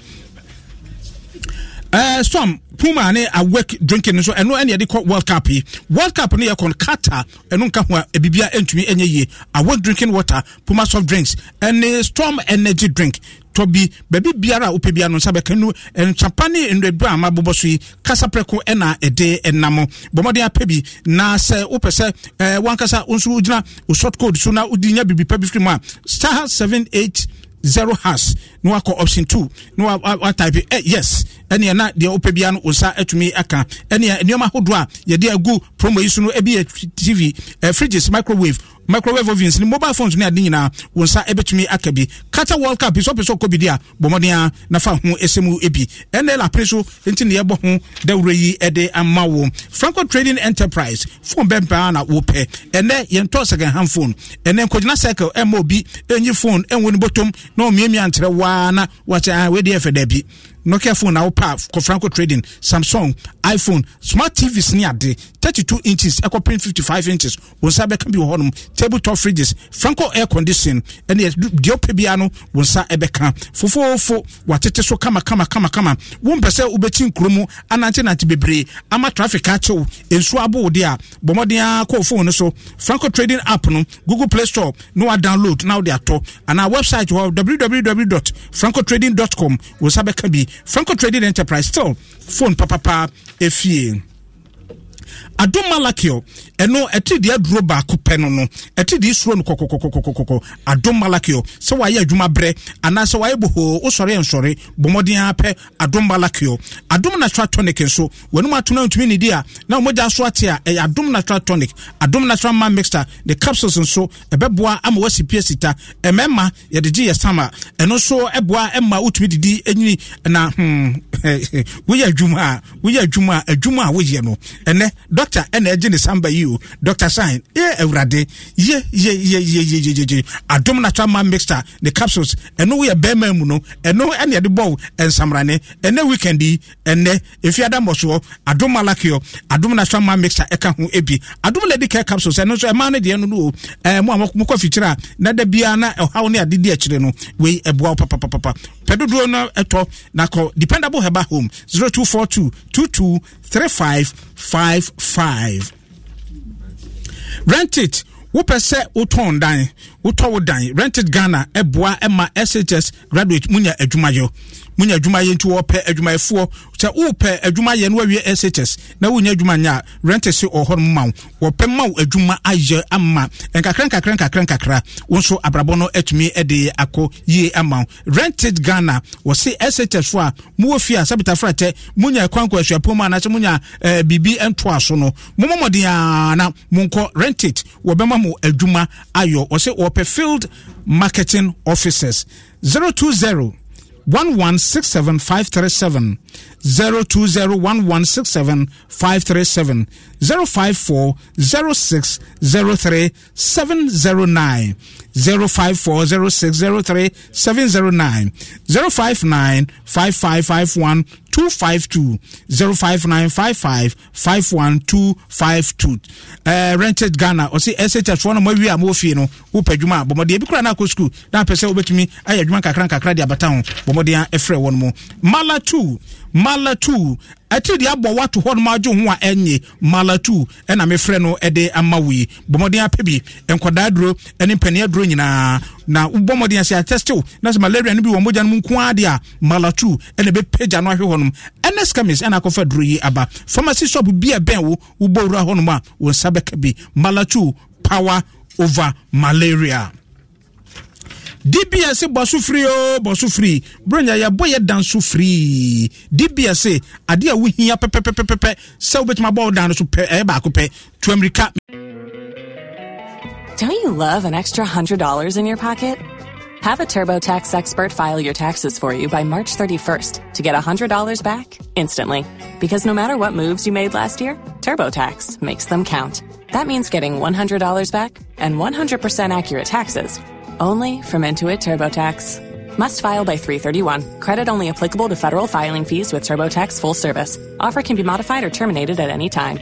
Eh, storm puma ne awake drinking nso ɛno ɛne yɛde kɔ world cup yi world cup no yɛ kɔn kata ɛno nka ho a ebibia ɛntumi ɛnyɛ yie awake drinking water puma soft drinks ɛne storm energy drink tɔbi baabi biara a wopɛ biara no nsa bɛka nu nkyapa ne nnwadura a mabobɔ so yi kasaprɛko ɛna ɛde ɛnam bɔmmɔden apɛ bi na sɛ wopɛ sɛ eh, wankasa wo nso wogyina wo short code so na wodi nya biribi pa bi firi mu a star 78 zero hash na wakɔ option two na watype eh, yes ɛneɛ na deɛ wopɛ bia no wo sa atumi aka ɛneɛ nneɔma ahodoɔ a yɛde agu promo yi so no ebi yɛ tv eh, fridges microwave microwave ovens ni mobile phones ni adi nyinaa wo nsa bɛtumi aka bi kata world cup sɛ wopɛ sɛ wokɔ bi de a bɔmmɔden a na fa ho ɛsɛmu bi ɛnɛ lapere so nti ne yɛbɔ ho dawuro yi de ama wo franco trading enterprise phone bɛmpaa na wopɛ ɛnɛ yɛntɔ second hand phone ɛnɛ nkɔgyina cycle ɛma obi ɛnyi phone ɛnwo ne bɔtom na ɔmiamia nkyerɛ waa na wakyɛ a wedeɛ ɛfɛ daabi nokia phone na pa a franco trading samsung iphone smart tvs ne ade 32 inches ɛkɔpem 55 inches wo nsa bɛka bi wɔ hɔnom table top fridges franco air condition ɛne deɛ wopɛ biara no wo nsa ɛbɛka fofoofo watete so kama kama kama kama wompɛ sɛ wobɛkyi nkuro mu anantenante bebree ama traffic akyew nsuo abo wo a bɔmmɔden a kɔɔ phone no so franco trading app no google play store na wadownload na wode atɔ anaa website hɔ www dot com wo nsa bɛka bi franco trading enterprise still phone pa efie. Pa, pa, adom malakio ɛno ɛte deɛ duro baako pɛ no no ɛte deɛ suro no kɔkɔkɔkɔkɔkɔ adom malakio sɛ wayɛ adwuma brɛ anaasɛ wayɛ bohoo wosɔre nsɔre bɔmmɔden a pɛ adom malakio adom natural tonic nso wɔnum na ntumi e, e, ne di a na wɔn wɔmogya so ate a ɛyɛ e, adom natural tonic adom natural man mixture ne capsules nso ɛbɛboa ama wasi pie sita ɛmɛma yɛde gye yɛ sama ɛno nso ɛboa ɛma wotumi didi enyini na hmm woyɛ adwuma a adwuma adwuma a woyɛ no ɛnɛ doctor ɛna ɛgye ne samba yi o doctor sign yɛ awurade yɛ yɛ yɛ yɛ yɛ yɛ yɛ yɛ adum natural man mixture ne capsules ɛno yɛ bɛrima mu no ɛno ɛna yɛde bɔ nsamrane ɛnɛ weekend yi ɛnɛ efi adamɔsoɔ adum alakio adum natural man mixture ɛka ho ebi adum lady care capsules ɛno nso ɛmaa no deɛ no no o ɛɛ mo a mo kɔ fikyiri a na da biara na ɔhaw ne ade di akyire no wei ɛboa papapapa pɛdodoɔ no ɛtɔ nakɔ dependable herbal home zero two four two two two three five five five five rent it wopɛ sɛ wotɔn dan wotɔ wo dan rented ghana ɛboa ɛma shs graduate munya adwumayɛ munya adwumayɛ nti wɔpɛ adwumayɛfoɔ sɛ wopɛ adwumayɛ no wawie shs na wonya adwuma nyɛ a rent se ɔhɔ no ma wo wɔpɛ ma wo adwuma ayɛ ama nkakra nkakra nkakra nkakra wo nso abrabɔ no atumi de akɔ yie ama wo rented ghana wɔse shs fo a mowɔ fie a sɛbitafratɛ munya kwankɔ asuapɔ mu anaasɛ munya eh, biribi ntoa so no momɔmɔden a na monkɔ rented wɔbɛma mo adwuma ayɔ ɔse wɔpɛ Filled Marketing offices 020 1167537 0201167537 0540603 0540603 0595551 252 uh, rented ghana ɔse shfoɔ no moawie a mɔfie no wopɛ adwuma a bɔmmɔden bi kora no akɔ sukuu na apɛ sɛ wobɛtumi ayɛ adwuma nkakra nkakra de abata ho bɔmmɔden a ɛfrɛ wɔ no mu mala 2 mala malatu ɛtiri deɛ abɔ wato hɔ nom adwo ho a ɛnye malatu ɛna mefrɛ no ɛde ama wo yi bɔmmɔden apɛ bi nkɔdaa duro ne mpanin aduro nyinaa na wobɔ mmɔden asɛ na sɛ malaria no bi wɔ mogya no mu nko ara deɛ a malatu ɛna ɛbɛpagya no ahwe hɔ nom ɛne scamis ɛna akɔfa duro yi aba pharmacy shop bi a ɛbɛn wo wobɔ wura hɔ nom a wo nsa bɛka bi malatu power over malaria dbs bɔ so firi o bɔ so firi dan dbs adia a wohia pɛpɛpɛpɛpɛ sɛ wobɛtumi abɔ wo dan no to don't you love an extra $100 in your pocket have a turbotax expert file your taxes for you by march 31st to get $100 back instantly because no matter what moves you made last year turbotax makes them count that means getting $100 back and 100% accurate taxes only from Intuit TurboTax. Must file by 331. Credit only applicable to federal filing fees with TurboTax full service. Offer can be modified or terminated at any time.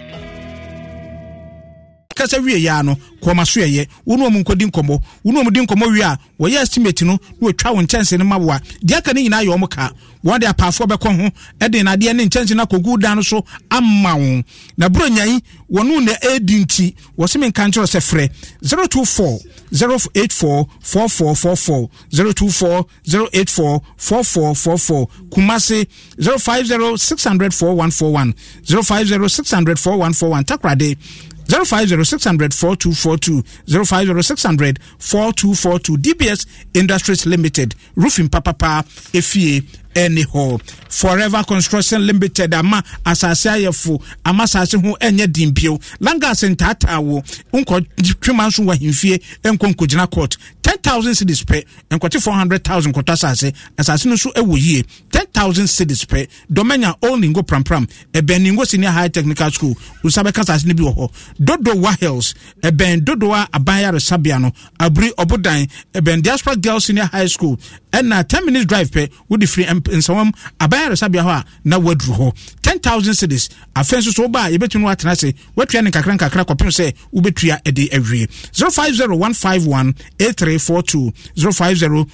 kasa wie yɛ ano kɔma so yɛyɛ wo ne ɔm nkɔdi nkɔmmɔ wo ne ɔm di nkɔmmɔ wie a wɔyɛ estimate no na wɔtwa wo nkyɛnse no ma wo a deɛ aka ne nyinaa yɛ ɔm ka wɔn de apaafoɔ bɛkɔ ho de nadeɛ ne nkyɛnse no akɔgu dan no so ama wo na buro nyai wɔn na ɛdi nti wɔsi mi nka nkyerɛ sɛ frɛ zero two four zero eight four four four four four zero two four zero eight four four four four four kumase zero five zero six hundred four one four one zero five zero six hundred four one four one takoradi. Zero five zero six hundred four two four two zero five zero six hundred four two four two DBS Industries Limited, Roofing Papapa, FA ɛni hɔ forever construction limited ama asase ayɛfo ama asase ho ɛnyɛ din bio langas ntaataa wo nkɔ twema nso wɔ ahemfie nkɔgyina court ten thousand cities pɛ nkɔte four hundred thousand nkɔtɔ asase asase no nso ɛwɔ yie ten thousand cities pɛ dɔmɛnya old ningo prampram ɛbɛn ningo senior high technical school osabɛka asase no bi wɔ hɔ dodowa hills ɛbɛn dodowa aban yaresabea no abiri ɔbodan ɛbɛn diaspora girls senior high school ɛna ten minutes drive pɛ wodi firi mp nsawam abayaresa bea hɔ a na waduru hɔ 10000 cities afei nso so woba a yɛbɛtumi no atena ase watua ne nkakra nkakra kɔpem sɛ wobɛtua de awie 050151 8342 050151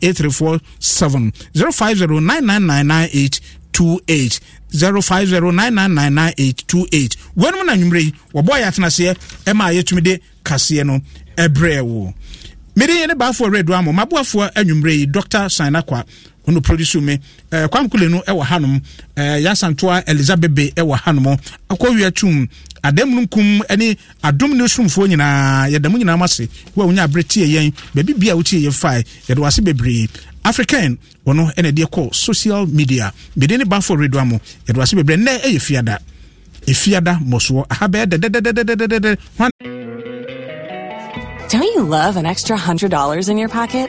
8347 05099998 28 0509999828 wɔnom na nwummere yi wɔbɔɔ yɛ atenaseɛ ɛma yɛtumi de kaseɛ no ɛbrɛɛ wo mede yɛ ne baafoɔ werɛ doa mɔ maboafoɔ anwummere yi dr sinakwa ɔno produce me eh, kwamkule no ɛwɔ hanom eh, yasantoa elizabebe ɛwɔ hanom akɔwia tum adamu nkum ne adom ne somfoɔ nyinaa yɛda nyinaa m ase wo a wonya aberɛ tie yɛn baabi bia wotie yɛ fae yɛde wase bebree african wɔno ɛna ɛdeɛ kɔ social media mede ne bafo redoa mo yɛde wase bebree nnɛ ɛyɛ fiada ɛfiada mmɔsoɔ aha bɛyɛ dɛdɛdɛdɛdɛdɛdɛ Don't you love an extra hundred dollars in your pocket?